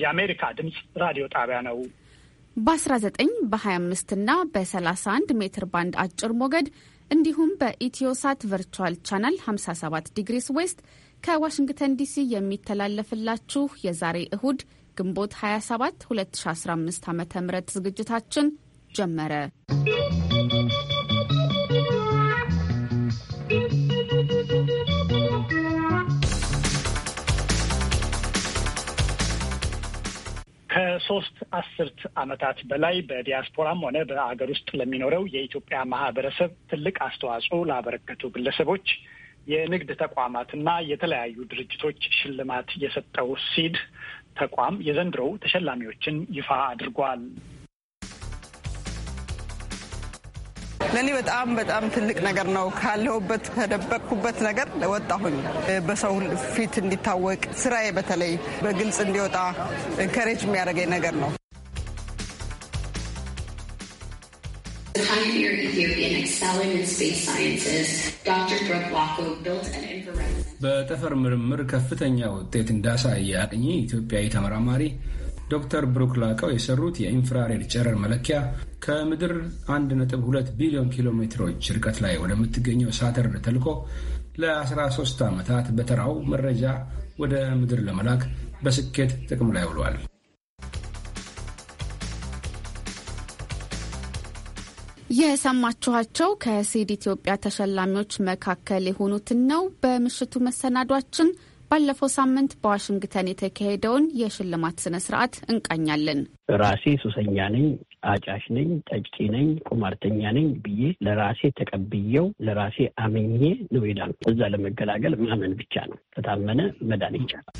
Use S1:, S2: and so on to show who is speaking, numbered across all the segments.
S1: የአሜሪካ ድምፅ ራዲዮ ጣቢያ ነው።
S2: በ19 በ25 እና በ31 ሜትር ባንድ አጭር ሞገድ እንዲሁም በኢትዮሳት ቨርቹዋል ቻናል 57 ዲግሪስ ዌስት ከዋሽንግተን ዲሲ የሚተላለፍላችሁ የዛሬ እሁድ ግንቦት 27 2015 ዓ ም ዝግጅታችን ጀመረ።
S1: ከሶስት አስርት ዓመታት በላይ በዲያስፖራም ሆነ በአገር ውስጥ ለሚኖረው የኢትዮጵያ ማህበረሰብ ትልቅ አስተዋጽኦ ላበረከቱ ግለሰቦች፣ የንግድ ተቋማትና የተለያዩ ድርጅቶች ሽልማት የሰጠው ሲድ ተቋም የዘንድሮው ተሸላሚዎችን ይፋ አድርጓል።
S3: ለእኔ በጣም በጣም ትልቅ ነገር ነው። ካለሁበት ከደበቅኩበት ነገር ወጣሁኝ። በሰው ፊት እንዲታወቅ ስራዬ በተለይ በግልጽ እንዲወጣ ከሬጅ የሚያደርገኝ ነገር ነው።
S4: በጠፈር ምርምር ከፍተኛ ውጤት እንዳሳየ አቅኚ ኢትዮጵያዊ ተመራማሪ ዶክተር ብሩክ ላቀው የሰሩት የኢንፍራሬድ ጨረር መለኪያ ከምድር 1.2 ቢሊዮን ኪሎ ሜትሮች ርቀት ላይ ወደምትገኘው ሳተርን ተልኮ ለ13 ዓመታት በተራው መረጃ ወደ ምድር ለመላክ በስኬት ጥቅም ላይ ውሏል።
S2: የሰማችኋቸው ከሴድ ኢትዮጵያ ተሸላሚዎች መካከል የሆኑትን ነው። በምሽቱ መሰናዷችን ባለፈው ሳምንት በዋሽንግተን የተካሄደውን የሽልማት ስነ ስርዓት እንቃኛለን።
S5: ራሴ ሱሰኛ ነኝ። አጫሽ ነኝ፣ ጠጪ ነኝ፣ ቁማርተኛ ነኝ ብዬ ለራሴ ተቀብየው ለራሴ አምኜ ነው ሄዳል። እዛ ለመገላገል ማመን ብቻ ነው። ከታመነ መዳን ይቻላል።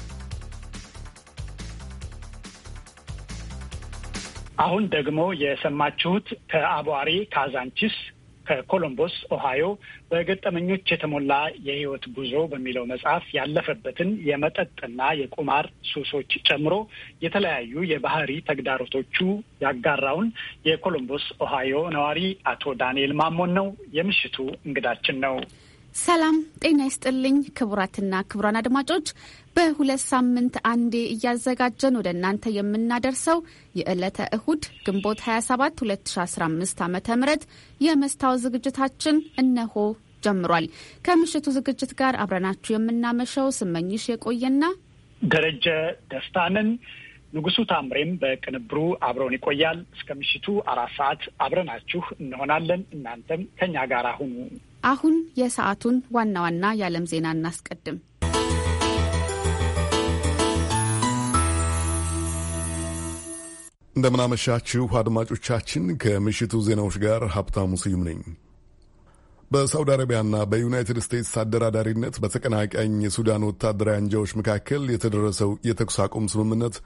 S1: አሁን ደግሞ የሰማችሁት ከአቧሪ ካዛንቺስ ከኮሎምቦስ ኦሃዮ በገጠመኞች የተሞላ የህይወት ጉዞ በሚለው መጽሐፍ ያለፈበትን የመጠጥና የቁማር ሱሶች ጨምሮ የተለያዩ የባህሪ ተግዳሮቶቹ ያጋራውን የኮሎምቦስ ኦሃዮ ነዋሪ አቶ ዳንኤል ማሞን ነው የምሽቱ እንግዳችን ነው።
S2: ሰላም ጤና ይስጥልኝ ክቡራትና ክቡራን አድማጮች በሁለት ሳምንት አንዴ እያዘጋጀን ወደ እናንተ የምናደርሰው የዕለተ እሁድ ግንቦት 27 2015 ዓ ም የመስታወት ዝግጅታችን እነሆ ጀምሯል። ከምሽቱ ዝግጅት ጋር አብረናችሁ የምናመሸው ስመኝሽ የቆየና
S1: ደረጀ ደስታንን ንጉሱ ታምሬም በቅንብሩ አብረውን ይቆያል። እስከ ምሽቱ አራት ሰዓት አብረናችሁ እንሆናለን። እናንተም ከኛ ጋር አሁኑ
S2: አሁን የሰዓቱን ዋና ዋና የዓለም ዜና እናስቀድም።
S6: እንደምናመሻችሁ አድማጮቻችን፣ ከምሽቱ ዜናዎች ጋር ሀብታሙ ስዩም ነኝ። በሳውዲ አረቢያና በዩናይትድ ስቴትስ አደራዳሪነት በተቀናቃኝ የሱዳን ወታደራዊ አንጃዎች መካከል የተደረሰው የተኩስ አቁም ስምምነት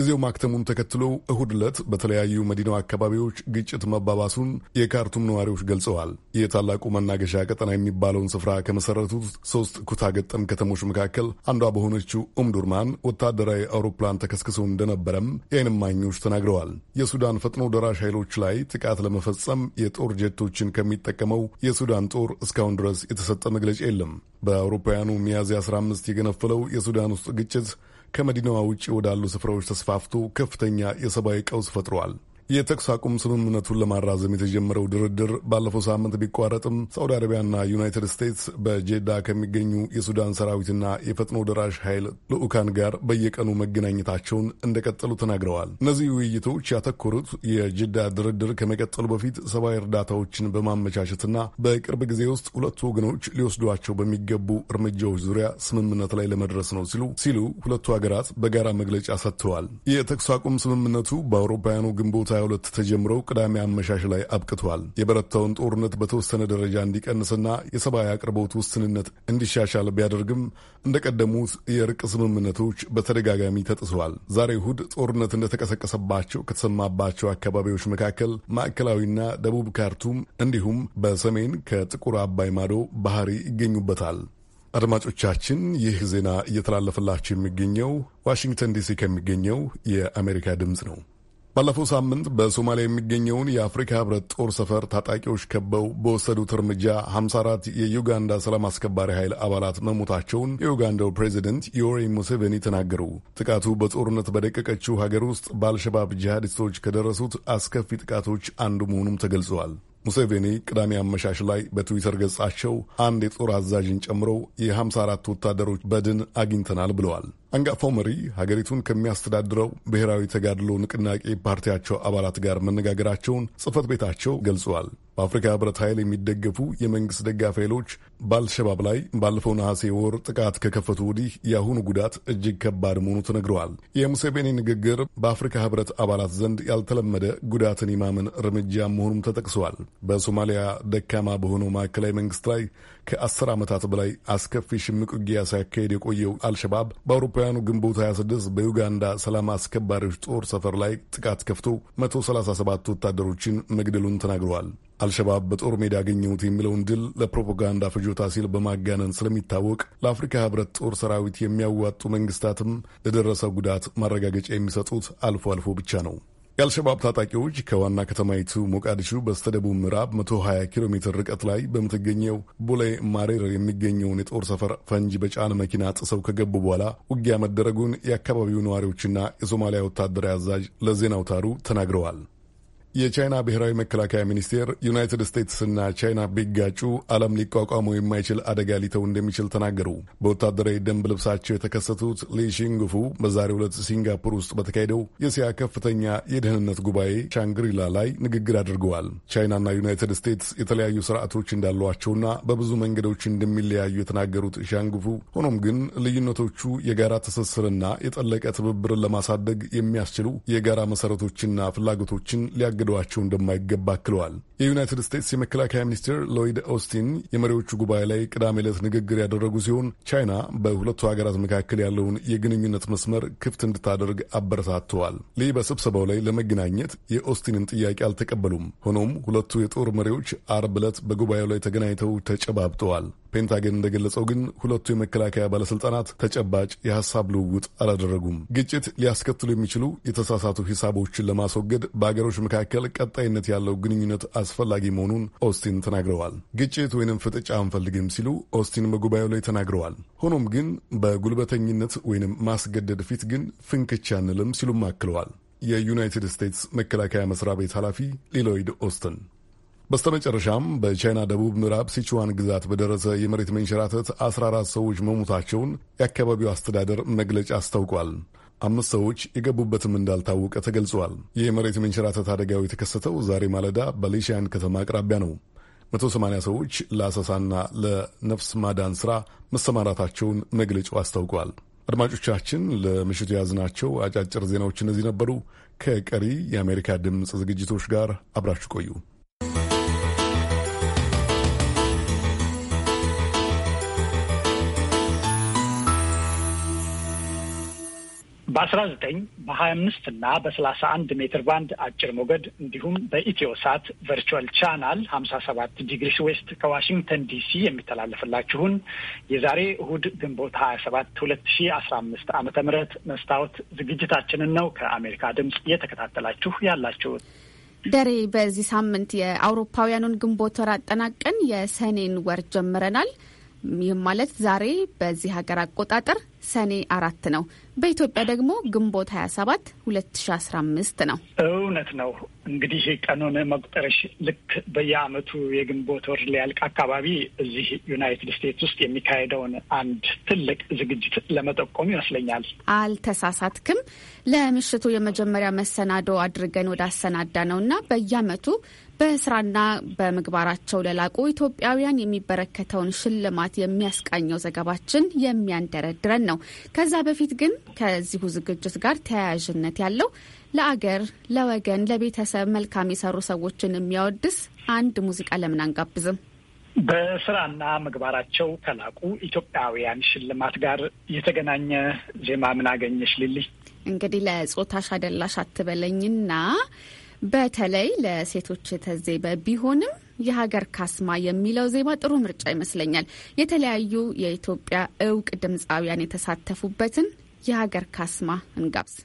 S6: ጊዜው ማክተሙን ተከትሎ እሁድ ዕለት በተለያዩ መዲናው አካባቢዎች ግጭት መባባሱን የካርቱም ነዋሪዎች ገልጸዋል። የታላቁ መናገሻ ቀጠና የሚባለውን ስፍራ ከመሰረቱት ሶስት ኩታገጠም ከተሞች መካከል አንዷ በሆነችው ኡምዱርማን ወታደራዊ አውሮፕላን ተከስክሶ እንደነበረም የዓይን እማኞች ተናግረዋል። የሱዳን ፈጥኖ ደራሽ ኃይሎች ላይ ጥቃት ለመፈጸም የጦር ጀቶችን ከሚጠቀመው የሱዳን ጦር እስካሁን ድረስ የተሰጠ መግለጫ የለም። በአውሮፓውያኑ ሚያዝያ 15 የገነፈለው የሱዳን ውስጥ ግጭት ከመዲናዋ ውጭ ወዳሉ ስፍራዎች ተስፋፍቶ ከፍተኛ የሰብአዊ ቀውስ ፈጥሯል። የተኩስ አቁም ስምምነቱን ለማራዘም የተጀመረው ድርድር ባለፈው ሳምንት ቢቋረጥም ሳውዲ አረቢያና ዩናይትድ ስቴትስ በጄዳ ከሚገኙ የሱዳን ሰራዊትና የፈጥኖ ደራሽ ኃይል ልዑካን ጋር በየቀኑ መገናኘታቸውን እንደቀጠሉ ተናግረዋል። እነዚህ ውይይቶች ያተኮሩት የጄዳ ድርድር ከመቀጠሉ በፊት ሰብአዊ እርዳታዎችን በማመቻቸትና በቅርብ ጊዜ ውስጥ ሁለቱ ወገኖች ሊወስዷቸው በሚገቡ እርምጃዎች ዙሪያ ስምምነት ላይ ለመድረስ ነው ሲሉ ሲሉ ሁለቱ ሀገራት በጋራ መግለጫ ሰጥተዋል። የተኩስ አቁም ስምምነቱ በአውሮፓውያኑ ግንቦታ 2022 ተጀምሮ ቅዳሜ አመሻሽ ላይ አብቅቷል። የበረታውን ጦርነት በተወሰነ ደረጃ እንዲቀንስና የሰብአዊ አቅርቦት ውስንነት እንዲሻሻል ቢያደርግም እንደቀደሙት የእርቅ ስምምነቶች በተደጋጋሚ ተጥሰዋል። ዛሬ እሁድ ጦርነት እንደተቀሰቀሰባቸው ከተሰማባቸው አካባቢዎች መካከል ማዕከላዊና ደቡብ ካርቱም እንዲሁም በሰሜን ከጥቁር አባይ ማዶ ባህሪ ይገኙበታል። አድማጮቻችን ይህ ዜና እየተላለፈላችሁ የሚገኘው ዋሽንግተን ዲሲ ከሚገኘው የአሜሪካ ድምፅ ነው። ባለፈው ሳምንት በሶማሊያ የሚገኘውን የአፍሪካ ህብረት ጦር ሰፈር ታጣቂዎች ከበው በወሰዱት እርምጃ 54 የዩጋንዳ ሰላም አስከባሪ ኃይል አባላት መሞታቸውን የዩጋንዳው ፕሬዚደንት ዮሪ ሙሴቬኒ ተናገሩ። ጥቃቱ በጦርነት በደቀቀችው ሀገር ውስጥ በአልሸባብ ጂሃዲስቶች ከደረሱት አስከፊ ጥቃቶች አንዱ መሆኑም ተገልጸዋል። ሙሴቬኒ ቅዳሜ አመሻሽ ላይ በትዊተር ገጻቸው አንድ የጦር አዛዥን ጨምሮ የ54 ወታደሮች በድን አግኝተናል ብለዋል። አንጋፋው መሪ ሀገሪቱን ከሚያስተዳድረው ብሔራዊ ተጋድሎ ንቅናቄ ፓርቲያቸው አባላት ጋር መነጋገራቸውን ጽህፈት ቤታቸው ገልጸዋል። በአፍሪካ ህብረት ኃይል የሚደገፉ የመንግሥት ደጋፊ ኃይሎች በአልሸባብ ላይ ባለፈው ነሐሴ ወር ጥቃት ከከፈቱ ወዲህ የአሁኑ ጉዳት እጅግ ከባድ መሆኑ ተነግረዋል። የሙሴቬኒ ንግግር በአፍሪካ ህብረት አባላት ዘንድ ያልተለመደ ጉዳትን የማመን እርምጃ መሆኑም ተጠቅሰዋል። በሶማሊያ ደካማ በሆነው ማዕከላዊ መንግሥት ላይ ከአስር ዓመታት በላይ አስከፊ ሽምቅ ውጊያ ሲያካሄድ የቆየው አልሸባብ በአውሮፓውያኑ ግንቦት 26 በዩጋንዳ ሰላም አስከባሪዎች ጦር ሰፈር ላይ ጥቃት ከፍቶ 137 ወታደሮችን መግደሉን ተናግረዋል። አልሸባብ በጦር ሜዳ ያገኘሁት የሚለውን ድል ለፕሮፓጋንዳ ፍጆታ ሲል በማጋነን ስለሚታወቅ ለአፍሪካ ሕብረት ጦር ሰራዊት የሚያዋጡ መንግስታትም ለደረሰው ጉዳት ማረጋገጫ የሚሰጡት አልፎ አልፎ ብቻ ነው። የአልሸባብ ታጣቂዎች ከዋና ከተማይቱ ሞቃዲሹ በስተደቡብ ምዕራብ 120 ኪሎ ሜትር ርቀት ላይ በምትገኘው ቦሌ ማሬር የሚገኘውን የጦር ሰፈር ፈንጂ በጫነ መኪና ጥሰው ከገቡ በኋላ ውጊያ መደረጉን የአካባቢው ነዋሪዎችና የሶማሊያ ወታደራዊ አዛዥ ለዜና አውታሩ ተናግረዋል። የቻይና ብሔራዊ መከላከያ ሚኒስቴር ዩናይትድ ስቴትስና ቻይና ቢጋጩ ዓለም ሊቋቋመው የማይችል አደጋ ሊተው እንደሚችል ተናገሩ። በወታደራዊ ደንብ ልብሳቸው የተከሰቱት ሌሺንግፉ በዛሬው ዕለት ሲንጋፖር ውስጥ በተካሄደው የእስያ ከፍተኛ የደህንነት ጉባኤ ሻንግሪላ ላይ ንግግር አድርገዋል። ቻይናና ዩናይትድ ስቴትስ የተለያዩ ስርዓቶች እንዳሏቸውና በብዙ መንገዶች እንደሚለያዩ የተናገሩት ሻንግፉ ሆኖም ግን ልዩነቶቹ የጋራ ትስስርና የጠለቀ ትብብርን ለማሳደግ የሚያስችሉ የጋራ መሰረቶችና ፍላጎቶችን ሊያገ ሊያግዷቸው እንደማይገባ አክለዋል። የዩናይትድ ስቴትስ የመከላከያ ሚኒስትር ሎይድ ኦስቲን የመሪዎቹ ጉባኤ ላይ ቅዳሜ ዕለት ንግግር ያደረጉ ሲሆን ቻይና በሁለቱ ሀገራት መካከል ያለውን የግንኙነት መስመር ክፍት እንድታደርግ አበረታተዋል። ሊ በስብሰባው ላይ ለመገናኘት የኦስቲንን ጥያቄ አልተቀበሉም። ሆኖም ሁለቱ የጦር መሪዎች አርብ ዕለት በጉባኤው ላይ ተገናኝተው ተጨባብጠዋል። ፔንታገን እንደገለጸው ግን ሁለቱ የመከላከያ ባለስልጣናት ተጨባጭ የሀሳብ ልውውጥ አላደረጉም። ግጭት ሊያስከትሉ የሚችሉ የተሳሳቱ ሂሳቦችን ለማስወገድ በሀገሮች መካከል ቀጣይነት ያለው ግንኙነት አስፈላጊ መሆኑን ኦስቲን ተናግረዋል። ግጭት ወይንም ፍጥጫ አንፈልግም ሲሉ ኦስቲን በጉባኤው ላይ ተናግረዋል። ሆኖም ግን በጉልበተኝነት ወይንም ማስገደድ ፊት ግን ፍንክች አንልም ሲሉም አክለዋል። የዩናይትድ ስቴትስ መከላከያ መስሪያ ቤት ኃላፊ ሊሎይድ ኦስትን በስተመጨረሻም በቻይና ደቡብ ምዕራብ ሲችዋን ግዛት በደረሰ የመሬት መንሸራተት 14 ሰዎች መሞታቸውን የአካባቢው አስተዳደር መግለጫ አስታውቋል። አምስት ሰዎች የገቡበትም እንዳልታወቀ ተገልጿል። የመሬት መንሸራተት አደጋው የተከሰተው ዛሬ ማለዳ በሊሻያን ከተማ አቅራቢያ ነው። 180 ሰዎች ለአሰሳና ለነፍስ ማዳን ሥራ መሰማራታቸውን መግለጫው አስታውቋል። አድማጮቻችን፣ ለምሽቱ የያዝናቸው አጫጭር ዜናዎች እነዚህ ነበሩ። ከቀሪ የአሜሪካ ድምፅ ዝግጅቶች ጋር አብራችሁ ቆዩ።
S1: በአስራ ዘጠኝ በሀያ አምስት እና በሰላሳ አንድ ሜትር ባንድ አጭር ሞገድ እንዲሁም በኢትዮ ሳት ቨርቹዋል ቻናል ሀምሳ ሰባት ዲግሪስ ዌስት ከዋሽንግተን ዲሲ የሚተላለፍላችሁን የዛሬ እሁድ ግንቦት ሀያ ሰባት ሁለት ሺ አስራ አምስት መስታወት ዝግጅታችንን ነው ከአሜሪካ ድምጽ እየተከታተላችሁ ያላችሁት።
S2: ደሬ በዚህ ሳምንት የአውሮፓውያኑን ግንቦት ወር አጠናቀን የሰኔን ወር ጀምረናል። ይህም ማለት ዛሬ በዚህ ሀገር አቆጣጠር ሰኔ አራት ነው። በኢትዮጵያ ደግሞ ግንቦት 27 2015 ነው።
S1: እውነት ነው። እንግዲህ ቀኑን መቁጠርሽ ልክ በየዓመቱ የግንቦት ወር ሊያልቅ አካባቢ እዚህ ዩናይትድ ስቴትስ ውስጥ የሚካሄደውን አንድ ትልቅ ዝግጅት ለመጠቆም ይመስለኛል።
S2: አልተሳሳትክም። ለምሽቱ የመጀመሪያ መሰናዶ አድርገን ወደ አሰናዳ እና በየዓመቱ በስራና በምግባራቸው ለላቁ ኢትዮጵያውያን የሚበረከተውን ሽልማት የሚያስቃኘው ዘገባችን የሚያንደረድረን ነው። ከዛ በፊት ግን ከዚሁ ዝግጅት ጋር ተያያዥነት ያለው ለአገር፣ ለወገን፣ ለቤተሰብ መልካም የሰሩ ሰዎችን የሚያወድስ አንድ ሙዚቃ ለምን አንጋብዝም?
S1: በስራና ምግባራቸው ከላቁ ኢትዮጵያውያን ሽልማት ጋር የተገናኘ ዜማ ምን አገኘሽ? ልልይ
S2: እንግዲህ ለጾታሽ አደላሽ አትበለኝና በተለይ ለሴቶች የተዜበ ቢሆንም የሀገር ካስማ የሚለው ዜማ ጥሩ ምርጫ ይመስለኛል። የተለያዩ የኢትዮጵያ እውቅ ድምፃውያን የተሳተፉበትን የሀገር ካስማ እንጋብዝ።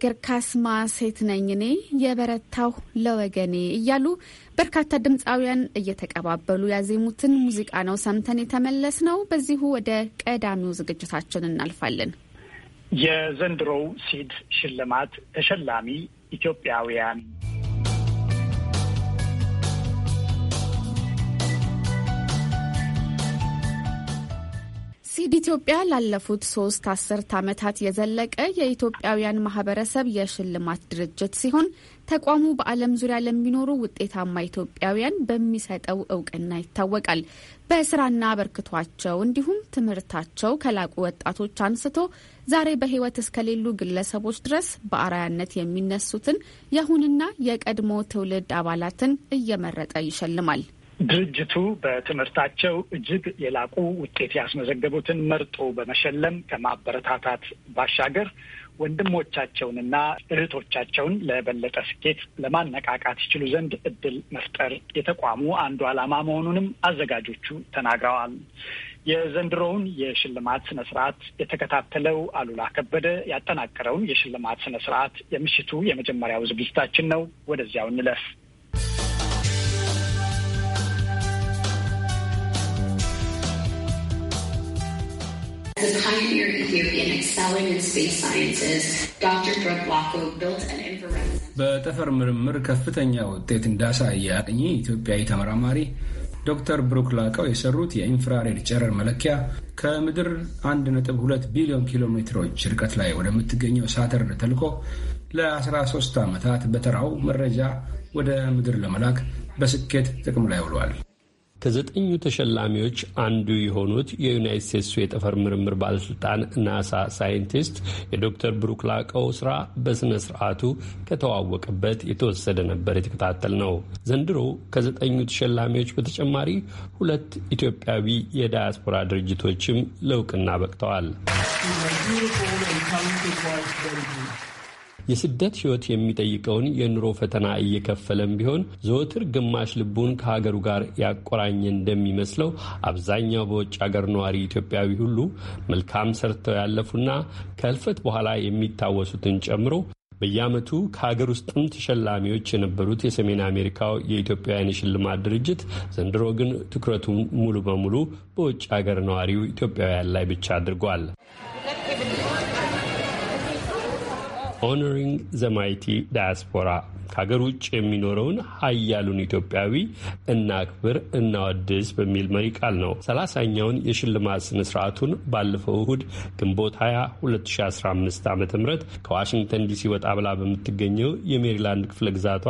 S2: የእግር ካስማ ሴት ነኝ እኔ የበረታሁ ለወገኔ እያሉ በርካታ ድምፃውያን እየተቀባበሉ ያዜሙትን ሙዚቃ ነው ሰምተን የተመለስ ነው። በዚሁ ወደ ቀዳሚው ዝግጅታችን እናልፋለን።
S1: የዘንድሮው ሲድ ሽልማት ተሸላሚ ኢትዮጵያውያን
S2: ሲድ ኢትዮጵያ ላለፉት ሶስት አስርት ዓመታት የዘለቀ የኢትዮጵያውያን ማህበረሰብ የሽልማት ድርጅት ሲሆን ተቋሙ በዓለም ዙሪያ ለሚኖሩ ውጤታማ ኢትዮጵያውያን በሚሰጠው እውቅና ይታወቃል። በስራና አበርክቷቸው እንዲሁም ትምህርታቸው ከላቁ ወጣቶች አንስቶ ዛሬ በህይወት እስከሌሉ ግለሰቦች ድረስ በአርአያነት የሚነሱትን የአሁንና የቀድሞ ትውልድ አባላትን እየመረጠ ይሸልማል።
S1: ድርጅቱ በትምህርታቸው እጅግ የላቁ ውጤት ያስመዘገቡትን መርጦ በመሸለም ከማበረታታት ባሻገር ወንድሞቻቸውንና እህቶቻቸውን ለበለጠ ስኬት ለማነቃቃት ይችሉ ዘንድ እድል መፍጠር የተቋሙ አንዱ ዓላማ መሆኑንም አዘጋጆቹ ተናግረዋል። የዘንድሮውን የሽልማት ስነ ስርዓት የተከታተለው አሉላ ከበደ ያጠናቀረውን የሽልማት ስነ ስርዓት የምሽቱ የመጀመሪያው ዝግጅታችን ነው። ወደዚያው እንለፍ።
S7: በጠፈር ምርምር
S4: ከፍተኛ ውጤት እንዳሳየ አጥኚ ኢትዮጵያዊ ተመራማሪ ዶክተር ብሩክ ላቀው የሰሩት የኢንፍራሬድ ጨረር መለኪያ ከምድር 1.2 ቢሊዮን ኪሎ ሜትሮች ርቀት ላይ ወደምትገኘው ሳተርን ተልኮ ለ13 ዓመታት በተራው መረጃ ወደ ምድር ለመላክ በስኬት ጥቅም ላይ ውሏል።
S7: ከዘጠኙ ተሸላሚዎች አንዱ የሆኑት የዩናይት ስቴትሱ የጠፈር ምርምር ባለስልጣን ናሳ ሳይንቲስት የዶክተር ብሩክ ላቀው ስራ በሥነ ስርዓቱ ከተዋወቀበት የተወሰደ ነበር የተከታተል ነው። ዘንድሮ ከዘጠኙ ተሸላሚዎች በተጨማሪ ሁለት ኢትዮጵያዊ የዳያስፖራ ድርጅቶችም ለእውቅና በቅተዋል። የስደት ሕይወት የሚጠይቀውን የኑሮ ፈተና እየከፈለም ቢሆን ዘወትር ግማሽ ልቡን ከሀገሩ ጋር ያቆራኘ እንደሚመስለው አብዛኛው በውጭ ሀገር ነዋሪ ኢትዮጵያዊ ሁሉ መልካም ሰርተው ያለፉና ከህልፈት በኋላ የሚታወሱትን ጨምሮ በየዓመቱ ከሀገር ውስጥም ተሸላሚዎች የነበሩት የሰሜን አሜሪካው የኢትዮጵያውያን የሽልማት ድርጅት ዘንድሮ ግን ትኩረቱን ሙሉ በሙሉ በውጭ ሀገር ነዋሪው ኢትዮጵያውያን ላይ ብቻ አድርጓል። ኦነሪንግ ዘማይቲ ዳያስፖራ ከሀገር ውጭ የሚኖረውን ሀያሉን ኢትዮጵያዊ እናክብር እናወድስ በሚል መሪ ቃል ነው ሰላሳኛውን የሽልማት ስነ ስርዓቱን ባለፈው እሁድ ግንቦት 20 2015 ዓ ም ከዋሽንግተን ዲሲ ወጣ ብላ በምትገኘው የሜሪላንድ ክፍለ ግዛቷ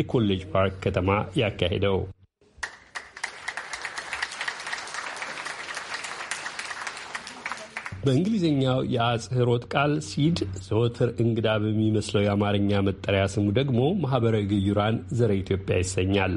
S7: የኮሌጅ ፓርክ ከተማ ያካሄደው በእንግሊዝኛው የአጽህሮት ቃል ሲድ ዘወትር እንግዳ በሚመስለው የአማርኛ መጠሪያ ስሙ ደግሞ ማህበራዊ ግዩራን ዘረ ኢትዮጵያ ይሰኛል።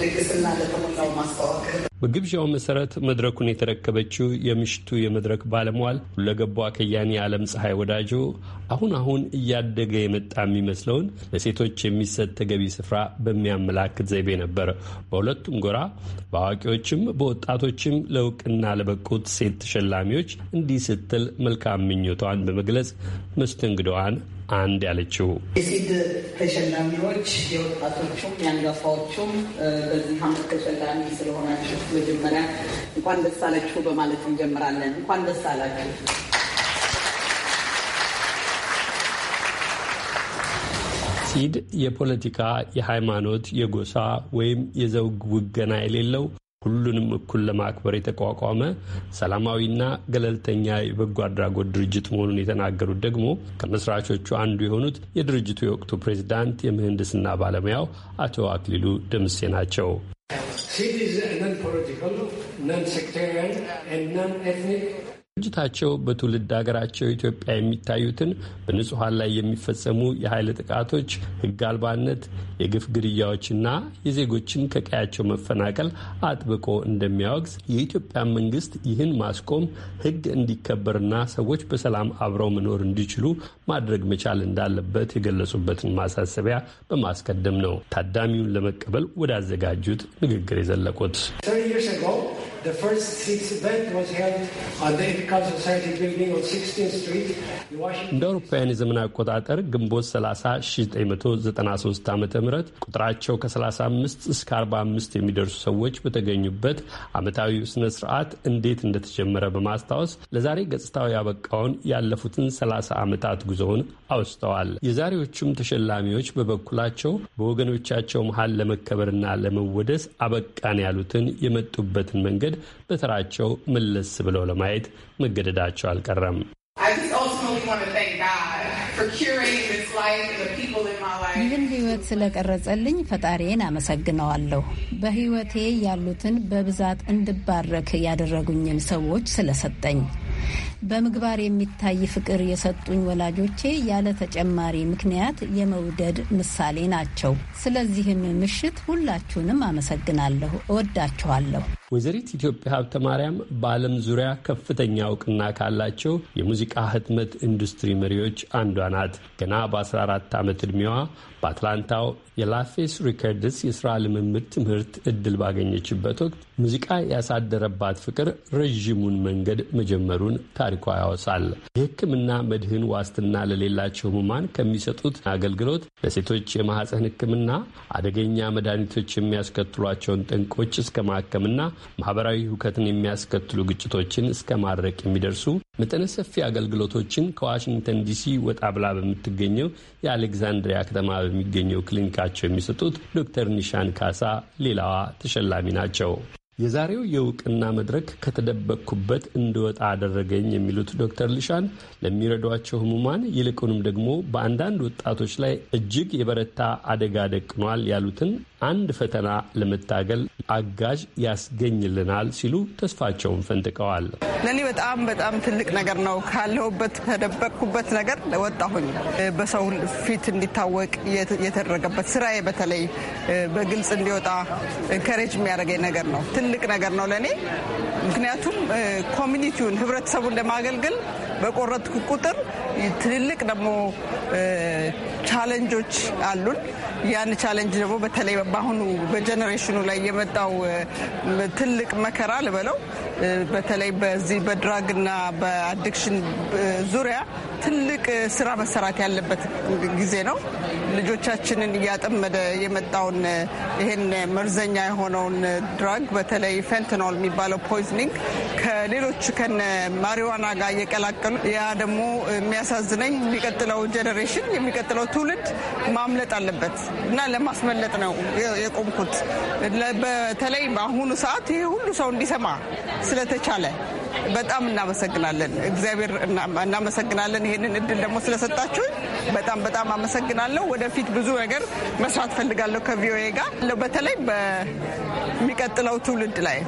S1: ድግስና ለተሞላው ማስተዋወቅ
S7: በግብዣው መሰረት መድረኩን የተረከበችው የምሽቱ የመድረክ ባለሟል ሁለገቧ ከያኒ የዓለም ፀሐይ ወዳጆ አሁን አሁን እያደገ የመጣ የሚመስለውን ለሴቶች የሚሰጥ ተገቢ ስፍራ በሚያመላክት ዘይቤ ነበር። በሁለቱም ጎራ በአዋቂዎችም በወጣቶችም ለእውቅና ለበቁት ሴት ተሸላሚዎች እንዲህ ስትል መልካም ምኞቷን በመግለጽ መስተንግዶዋን አንድ ያለችው
S8: የሲድ
S2: ተሸላሚዎች የወጣቶቹም የአንጋፋዎቹም በዚህ አመት ተሸላሚ ስለሆናችሁ መጀመሪያ እንኳን ደስ አላችሁ በማለት እንጀምራለን። እንኳን ደስ አላችሁ።
S7: ሲድ የፖለቲካ፣ የሃይማኖት፣ የጎሳ ወይም የዘውግ ውገና የሌለው ሁሉንም እኩል ለማክበር የተቋቋመ ሰላማዊና ገለልተኛ የበጎ አድራጎት ድርጅት መሆኑን የተናገሩት ደግሞ ከመስራቾቹ አንዱ የሆኑት የድርጅቱ የወቅቱ ፕሬዚዳንት የምህንድስና ባለሙያው አቶ አክሊሉ ደምሴ ናቸው። ሲቲዝ ነን ፖለቲካል ነን ሴክተሪያን ነን ኤትኒክ ድርጅታቸው በትውልድ ሀገራቸው ኢትዮጵያ የሚታዩትን በንጹሐን ላይ የሚፈጸሙ የኃይል ጥቃቶች፣ ሕግ አልባነት፣ የግፍ ግድያዎችና የዜጎችን ከቀያቸው መፈናቀል አጥብቆ እንደሚያወግዝ የኢትዮጵያ መንግስት ይህን ማስቆም ሕግ እንዲከበርና ሰዎች በሰላም አብረው መኖር እንዲችሉ ማድረግ መቻል እንዳለበት የገለጹበትን ማሳሰቢያ በማስቀደም ነው ታዳሚውን ለመቀበል ወዳዘጋጁት ንግግር የዘለቁት
S1: The first six event was held the Ethical Society building on 16th Street.
S7: እንደ አውሮፓውያን የዘመን አቆጣጠር ግንቦት 30 1993 ዓ ም ቁጥራቸው ከ35 እስከ 45 የሚደርሱ ሰዎች በተገኙበት ዓመታዊው ስነ ስርዓት እንዴት እንደተጀመረ በማስታወስ ለዛሬ ገጽታው ያበቃውን ያለፉትን 30 ዓመታት ጉዞውን አውስተዋል። የዛሬዎቹም ተሸላሚዎች በበኩላቸው በወገኖቻቸው መሀል ለመከበርና ለመወደስ አበቃን ያሉትን የመጡበትን መንገድ በተራቸው መለስ ብለው ለማየት መገደዳቸው አልቀረም።
S2: ይህን ህይወት ስለቀረጸልኝ ፈጣሪዬን አመሰግነዋለሁ። በህይወቴ ያሉትን በብዛት እንድባረክ ያደረጉኝን ሰዎች ስለሰጠኝ፣ በምግባር የሚታይ ፍቅር የሰጡኝ ወላጆቼ ያለ ተጨማሪ ምክንያት የመውደድ ምሳሌ ናቸው። ስለዚህም ምሽት ሁላችሁንም አመሰግናለሁ። እወዳችኋለሁ።
S7: ወይዘሪት ኢትዮጵያ ሀብተ ማርያም በዓለም ዙሪያ ከፍተኛ እውቅና ካላቸው የሙዚቃ ህትመት ኢንዱስትሪ መሪዎች አንዷ ናት። ገና በ14 ዓመት ዕድሜዋ በአትላንታው የላፌስ ሪከርድስ የሥራ ልምምድ ትምህርት ዕድል ባገኘችበት ወቅት ሙዚቃ ያሳደረባት ፍቅር ረዥሙን መንገድ መጀመሩን ታሪኳ ያወሳል። የሕክምና መድህን ዋስትና ለሌላቸው ሕሙማን ከሚሰጡት አገልግሎት ለሴቶች የማህፀን ሕክምና፣ አደገኛ መድኃኒቶች የሚያስከትሏቸውን ጠንቆች እስከ ማከምና ማህበራዊ ሁከትን የሚያስከትሉ ግጭቶችን እስከ ማድረቅ የሚደርሱ መጠነ ሰፊ አገልግሎቶችን ከዋሽንግተን ዲሲ ወጣ ብላ በምትገኘው የአሌግዛንድሪያ ከተማ በሚገኘው ክሊኒካቸው የሚሰጡት ዶክተር ኒሻን ካሳ ሌላዋ ተሸላሚ ናቸው። የዛሬው የእውቅና መድረክ ከተደበቅኩበት እንድወጣ አደረገኝ የሚሉት ዶክተር ሊሻን ለሚረዷቸው ህሙማን ይልቁንም ደግሞ በአንዳንድ ወጣቶች ላይ እጅግ የበረታ አደጋ ደቅኗል ያሉትን አንድ ፈተና ለመታገል አጋዥ ያስገኝልናል ሲሉ ተስፋቸውን ፈንጥቀዋል።
S3: ለእኔ በጣም በጣም ትልቅ ነገር ነው። ካለሁበት ከደበቅኩበት ነገር ወጣሁኝ። በሰው ፊት እንዲታወቅ የተደረገበት ስራዬ በተለይ በግልጽ እንዲወጣ ኢንከሬጅ የሚያደርገኝ ነገር ነው። ትልቅ ነገር ነው ለእኔ ምክንያቱም ኮሚኒቲውን ህብረተሰቡን ለማገልገል በቆረጥኩ ቁጥር ትልልቅ ደግሞ ቻለንጆች አሉን። ያን ቻለንጅ ደግሞ በተለይ በአሁኑ በጀኔሬሽኑ ላይ የመጣው ትልቅ መከራ ልበለው በተለይ በዚህ በድራግና በአዲክሽን ዙሪያ ትልቅ ስራ መሰራት ያለበት ጊዜ ነው። ልጆቻችንን እያጠመደ የመጣውን ይህን መርዘኛ የሆነውን ድራግ በተለይ ፌንትኖል የሚባለው ፖይዝኒንግ ከሌሎች ከነ ማሪዋና ጋር እየቀላቀሉ ያ ደግሞ የሚያሳዝነኝ የሚቀጥለው ጀኔሬሽን የሚቀጥለው ትውልድ ማምለጥ አለበት እና ለማስመለጥ ነው የቆምኩት። በተለይ በአሁኑ ሰዓት ይሄ ሁሉ ሰው እንዲሰማ ስለተቻለ በጣም እናመሰግናለን። እግዚአብሔር እናመሰግናለን። ይህንን እድል ደግሞ ስለሰጣችሁኝ በጣም በጣም አመሰግናለሁ። ወደፊት ብዙ ነገር መስራት ፈልጋለሁ ከቪኦኤ ጋር በተለይ በሚቀጥለው ትውልድ ላይ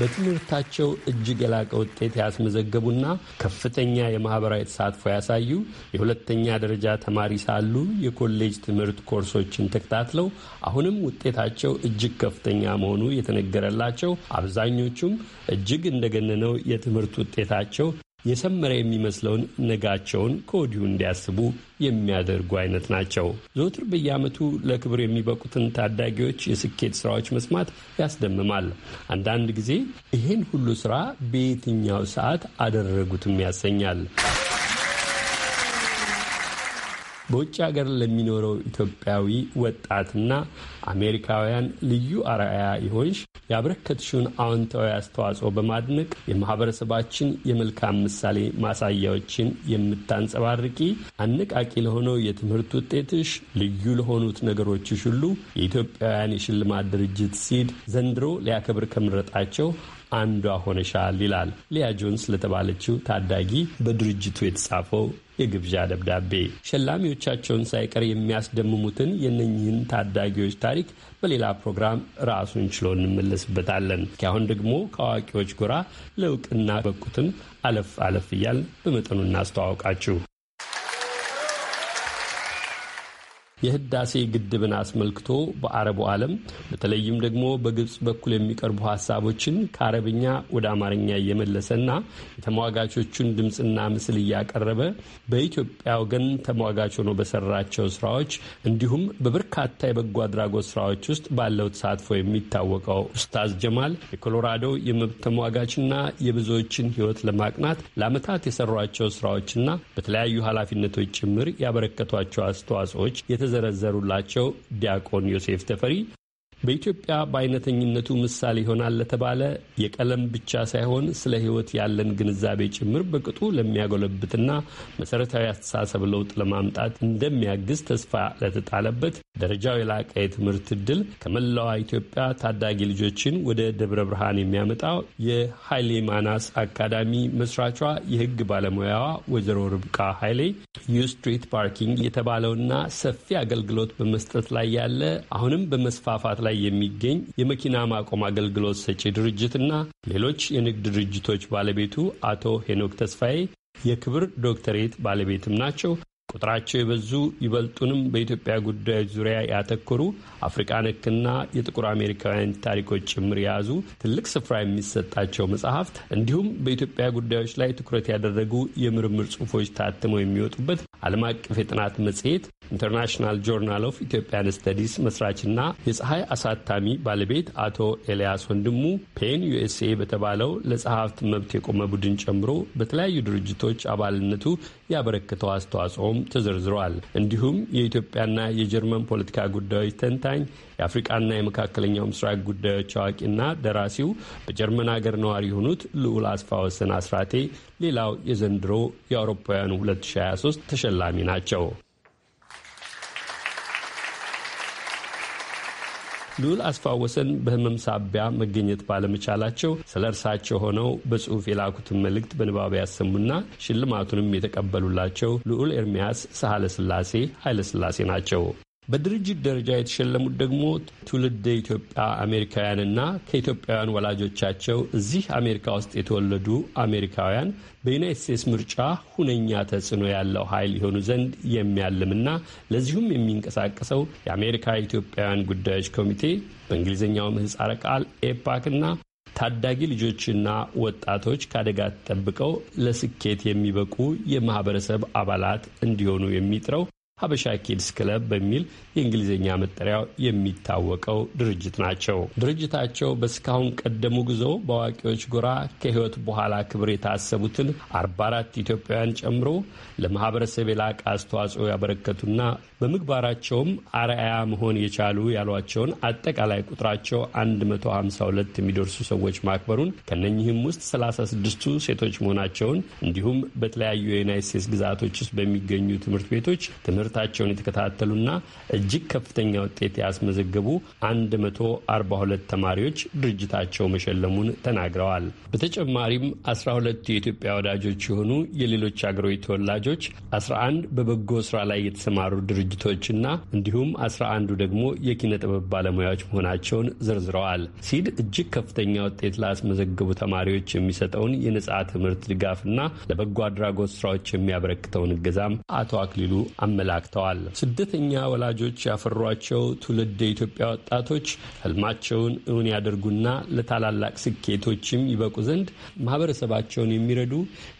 S7: በትምህርታቸው እጅግ የላቀ ውጤት ያስመዘገቡና ከፍተኛ የማህበራዊ ተሳትፎ ያሳዩ የሁለተኛ ደረጃ ተማሪ ሳሉ የኮሌጅ ትምህርት ኮርሶችን ተከታትለው አሁንም ውጤታቸው እጅግ ከፍተኛ መሆኑ የተነገረላቸው አብዛኞቹም እጅግ እንደገነነው የትምህርት ውጤታቸው የሰመረ የሚመስለውን ነጋቸውን ከወዲሁ እንዲያስቡ የሚያደርጉ አይነት ናቸው። ዘወትር በየዓመቱ ለክብር የሚበቁትን ታዳጊዎች የስኬት ስራዎች መስማት ያስደምማል። አንዳንድ ጊዜ ይህን ሁሉ ስራ በየትኛው ሰዓት አደረጉትም ያሰኛል። በውጭ ሀገር ለሚኖረው ኢትዮጵያዊ ወጣትና አሜሪካውያን ልዩ አርአያ ይሆንሽ ያበረከትሽውን አዎንታዊ አስተዋጽኦ በማድነቅ የማህበረሰባችን የመልካም ምሳሌ ማሳያዎችን የምታንጸባርቂ አነቃቂ ለሆነው የትምህርት ውጤትሽ፣ ልዩ ለሆኑት ነገሮችሽ ሁሉ የኢትዮጵያውያን የሽልማት ድርጅት ሲድ ዘንድሮ ሊያከብር ከምረጣቸው አንዷ ሆነሻል ይላል ሊያ ጆንስ ለተባለችው ታዳጊ በድርጅቱ የተጻፈው የግብዣ ደብዳቤ። ሸላሚዎቻቸውን ሳይቀር የሚያስደምሙትን የነኝህን ታዳጊዎች ታሪክ በሌላ ፕሮግራም ራሱን ችሎ እንመለስበታለን። ከአሁን ደግሞ ከአዋቂዎች ጎራ ለእውቅና በቁትን አለፍ አለፍ እያል በመጠኑ እናስተዋውቃችሁ። የህዳሴ ግድብን አስመልክቶ በአረቡ ዓለም በተለይም ደግሞ በግብፅ በኩል የሚቀርቡ ሀሳቦችን ከአረብኛ ወደ አማርኛ እየመለሰና የተሟጋቾቹን ድምፅና ምስል እያቀረበ በኢትዮጵያ ወገን ተሟጋች ሆኖ በሰራቸው ስራዎች እንዲሁም በበርካታ የበጎ አድራጎት ስራዎች ውስጥ ባለው ተሳትፎ የሚታወቀው ኡስታዝ ጀማል የኮሎራዶ የመብት ተሟጋችና የብዙዎችን ህይወት ለማቅናት ለአመታት የሰሯቸው ስራዎችና በተለያዩ ኃላፊነቶች ጭምር ያበረከቷቸው አስተዋጽዎች ። የተዘረዘሩላቸው ዲያቆን ዮሴፍ ተፈሪ በኢትዮጵያ በአይነተኝነቱ ምሳሌ ይሆናል ለተባለ የቀለም ብቻ ሳይሆን ስለ ሕይወት ያለን ግንዛቤ ጭምር በቅጡ ለሚያጎለብትና መሰረታዊ አስተሳሰብ ለውጥ ለማምጣት እንደሚያግዝ ተስፋ ለተጣለበት ደረጃው የላቀ የትምህርት እድል ከመላዋ ኢትዮጵያ ታዳጊ ልጆችን ወደ ደብረ ብርሃን የሚያመጣው የኃይሌ ማናስ አካዳሚ መስራቿ የህግ ባለሙያዋ ወይዘሮ ርብቃ ኃይሌ ዩስትሪት ፓርኪንግ የተባለውና ሰፊ አገልግሎት በመስጠት ላይ ያለ አሁንም በመስፋፋት ላይ የሚገኝ የመኪና ማቆም አገልግሎት ሰጪ ድርጅትና ሌሎች የንግድ ድርጅቶች ባለቤቱ አቶ ሄኖክ ተስፋዬ የክብር ዶክተሬት ባለቤትም ናቸው። ቁጥራቸው የበዙ ይበልጡንም በኢትዮጵያ ጉዳዮች ዙሪያ ያተኮሩ አፍሪቃ ነክና የጥቁር አሜሪካውያን ታሪኮች ጭምር የያዙ ትልቅ ስፍራ የሚሰጣቸው መጽሐፍት እንዲሁም በኢትዮጵያ ጉዳዮች ላይ ትኩረት ያደረጉ የምርምር ጽሑፎች ታትመው የሚወጡበት ዓለም አቀፍ የጥናት መጽሔት ኢንተርናሽናል ጆርናል ኦፍ ኢትዮጵያን ስተዲስ መስራችና የፀሐይ አሳታሚ ባለቤት አቶ ኤልያስ ወንድሙ ፔን ዩኤስኤ በተባለው ለጸሐፍት መብት የቆመ ቡድን ጨምሮ በተለያዩ ድርጅቶች አባልነቱ ያበረክተው አስተዋጽኦም ተዘርዝረዋል። እንዲሁም የኢትዮጵያና የጀርመን ፖለቲካ ጉዳዮች ተንታኝ የአፍሪቃና የመካከለኛው ምስራቅ ጉዳዮች አዋቂና ደራሲው በጀርመን ሀገር ነዋሪ የሆኑት ልዑል አስፋ ወሰን አስራቴ ሌላው የዘንድሮ የአውሮፓውያኑ 2023 ተሸላሚ ናቸው። ልዑል አስፋወሰን በህመም ሳቢያ መገኘት ባለመቻላቸው ስለ እርሳቸው ሆነው በጽሁፍ የላኩትን መልእክት በንባብ ያሰሙና ሽልማቱንም የተቀበሉላቸው ልዑል ኤርሚያስ ሳህለ ስላሴ ኃይለ ስላሴ ናቸው። በድርጅት ደረጃ የተሸለሙት ደግሞ ትውልድ ኢትዮጵያ አሜሪካውያንና ከኢትዮጵያውያን ወላጆቻቸው እዚህ አሜሪካ ውስጥ የተወለዱ አሜሪካውያን በዩናይት ስቴትስ ምርጫ ሁነኛ ተጽዕኖ ያለው ኃይል የሆኑ ዘንድ የሚያልምና ለዚሁም የሚንቀሳቀሰው የአሜሪካ ኢትዮጵያውያን ጉዳዮች ኮሚቴ በእንግሊዝኛው ምህጻረ ቃል ኤፓክና ታዳጊ ልጆችና ወጣቶች ከአደጋ ተጠብቀው ለስኬት የሚበቁ የማህበረሰብ አባላት እንዲሆኑ የሚጥረው ሀበሻ ኪድስ ክለብ በሚል የእንግሊዝኛ መጠሪያው የሚታወቀው ድርጅት ናቸው። ድርጅታቸው በእስካሁን ቀደሙ ጉዞ በአዋቂዎች ጎራ ከህይወት በኋላ ክብር የታሰቡትን 44 ኢትዮጵያውያን ጨምሮ ለማህበረሰብ የላቀ አስተዋጽኦ ያበረከቱና በምግባራቸውም አርአያ መሆን የቻሉ ያሏቸውን አጠቃላይ ቁጥራቸው 152 የሚደርሱ ሰዎች ማክበሩን ከነኚህም ውስጥ 36ቱ ሴቶች መሆናቸውን እንዲሁም በተለያዩ የዩናይት ስቴትስ ግዛቶች ውስጥ በሚገኙ ትምህርት ቤቶች ትምህርት ትምህርታቸውን የተከታተሉና እጅግ ከፍተኛ ውጤት ያስመዘገቡ 142 ተማሪዎች ድርጅታቸው መሸለሙን ተናግረዋል። በተጨማሪም 12 የኢትዮጵያ ወዳጆች የሆኑ የሌሎች አገሮች ተወላጆች፣ 11 በበጎ ስራ ላይ የተሰማሩ ድርጅቶችና እንዲሁም 11ዱ ደግሞ የኪነ ጥበብ ባለሙያዎች መሆናቸውን ዘርዝረዋል። ሲድ እጅግ ከፍተኛ ውጤት ላስመዘገቡ ተማሪዎች የሚሰጠውን የነጻ ትምህርት ድጋፍና ለበጎ አድራጎት ስራዎች የሚያበረክተውን እገዛም አቶ አክሊሉ አመላክ አመላክተዋል። ስደተኛ ወላጆች ያፈሯቸው ትውልድ የኢትዮጵያ ወጣቶች ህልማቸውን እውን ያደርጉና ለታላላቅ ስኬቶችም ይበቁ ዘንድ ማህበረሰባቸውን የሚረዱ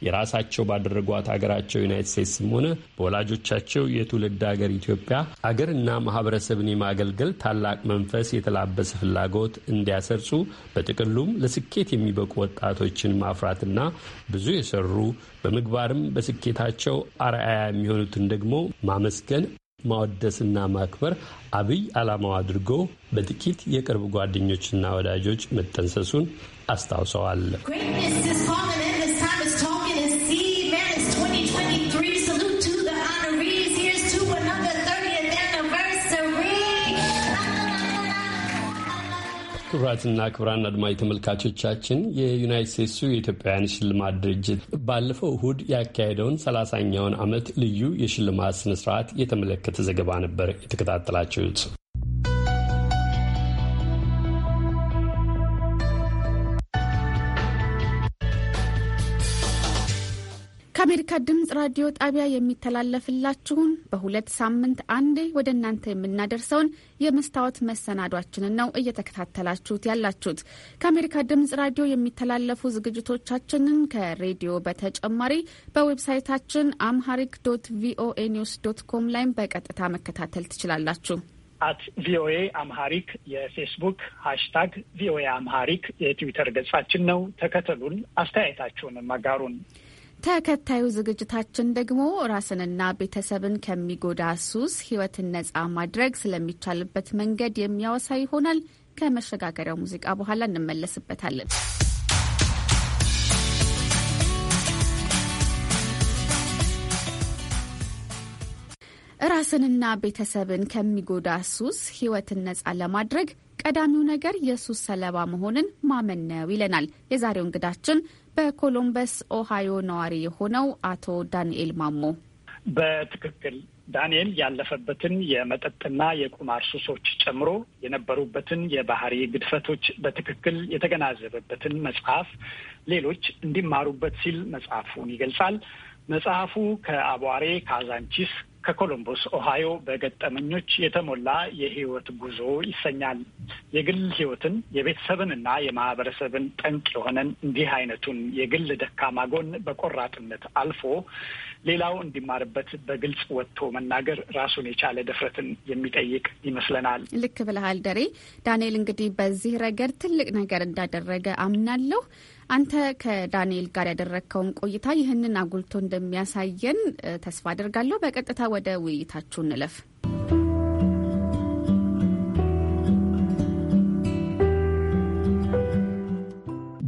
S7: የራሳቸው ባደረጓት ሀገራቸው ዩናይት ስቴትስም ሆነ በወላጆቻቸው የትውልድ ሀገር ኢትዮጵያ አገርና ማህበረሰብን የማገልገል ታላቅ መንፈስ የተላበሰ ፍላጎት እንዲያሰርጹ በጥቅሉም ለስኬት የሚበቁ ወጣቶችን ማፍራትና ብዙ የሰሩ በምግባርም በስኬታቸው አርአያ የሚሆኑትን ደግሞ ማመስገን ማወደስና ማክበር አብይ ዓላማው አድርጎ በጥቂት የቅርብ ጓደኞችና ወዳጆች መጠንሰሱን አስታውሰዋል። ክቡራትና ክቡራን አድማጭ ተመልካቾቻችን የዩናይት ስቴትሱ የኢትዮጵያውያን ሽልማት ድርጅት ባለፈው እሁድ ያካሄደውን ሰላሳኛውን ዓመት ልዩ የሽልማት ስነስርዓት የተመለከተ ዘገባ ነበር የተከታተላችሁት።
S2: ከአሜሪካ ድምፅ ራዲዮ ጣቢያ የሚተላለፍላችሁን በሁለት ሳምንት አንዴ ወደ እናንተ የምናደርሰውን የመስታወት መሰናዷችንን ነው እየተከታተላችሁት ያላችሁት። ከአሜሪካ ድምፅ ራዲዮ የሚተላለፉ ዝግጅቶቻችንን ከሬዲዮ በተጨማሪ በዌብሳይታችን አምሃሪክ ዶት ቪኦኤ ኒውስ ዶት ኮም ላይም በቀጥታ መከታተል ትችላላችሁ።
S1: አት ቪኦኤ አምሃሪክ የፌስቡክ ሃሽታግ ቪኦኤ አምሃሪክ የትዊተር ገጻችን ነው። ተከተሉን፣ አስተያየታችሁንም አጋሩን።
S2: ተከታዩ ዝግጅታችን ደግሞ ራስንና ቤተሰብን ከሚጎዳ ሱስ ህይወትን ነፃ ማድረግ ስለሚቻልበት መንገድ የሚያወሳ ይሆናል። ከመሸጋገሪያው ሙዚቃ በኋላ እንመለስበታለን። ራስንና ቤተሰብን ከሚጎዳ ሱስ ህይወትን ነፃ ለማድረግ ቀዳሚው ነገር የሱስ ሰለባ መሆንን ማመን ነው ይለናል የዛሬው እንግዳችን በኮሎምበስ ኦሃዮ ነዋሪ የሆነው አቶ ዳንኤል ማሞ
S1: በትክክል ዳንኤል ያለፈበትን የመጠጥና የቁማር ሱሶች ጨምሮ የነበሩበትን የባህሪ ግድፈቶች በትክክል የተገናዘበበትን መጽሐፍ ሌሎች እንዲማሩበት ሲል መጽሐፉን ይገልጻል። መጽሐፉ ከአቧሬ ካዛንቺስ ከኮሎምቦስ ኦሃዮ በገጠመኞች የተሞላ የህይወት ጉዞ ይሰኛል። የግል ህይወትን የቤተሰብንና የማህበረሰብን ጠንቅ የሆነን እንዲህ አይነቱን የግል ደካማ ጎን በቆራጥነት አልፎ ሌላው እንዲማርበት በግልጽ ወጥቶ መናገር ራሱን የቻለ ድፍረትን የሚጠይቅ ይመስለናል።
S2: ልክ ብለሃል ደሬ። ዳንኤል እንግዲህ በዚህ ረገድ ትልቅ ነገር እንዳደረገ አምናለሁ። አንተ ከዳንኤል ጋር ያደረግከውን ቆይታ ይህንን አጉልቶ እንደሚያሳየን ተስፋ አድርጋለሁ። በቀጥታ ወደ ውይይታችሁ እንለፍ።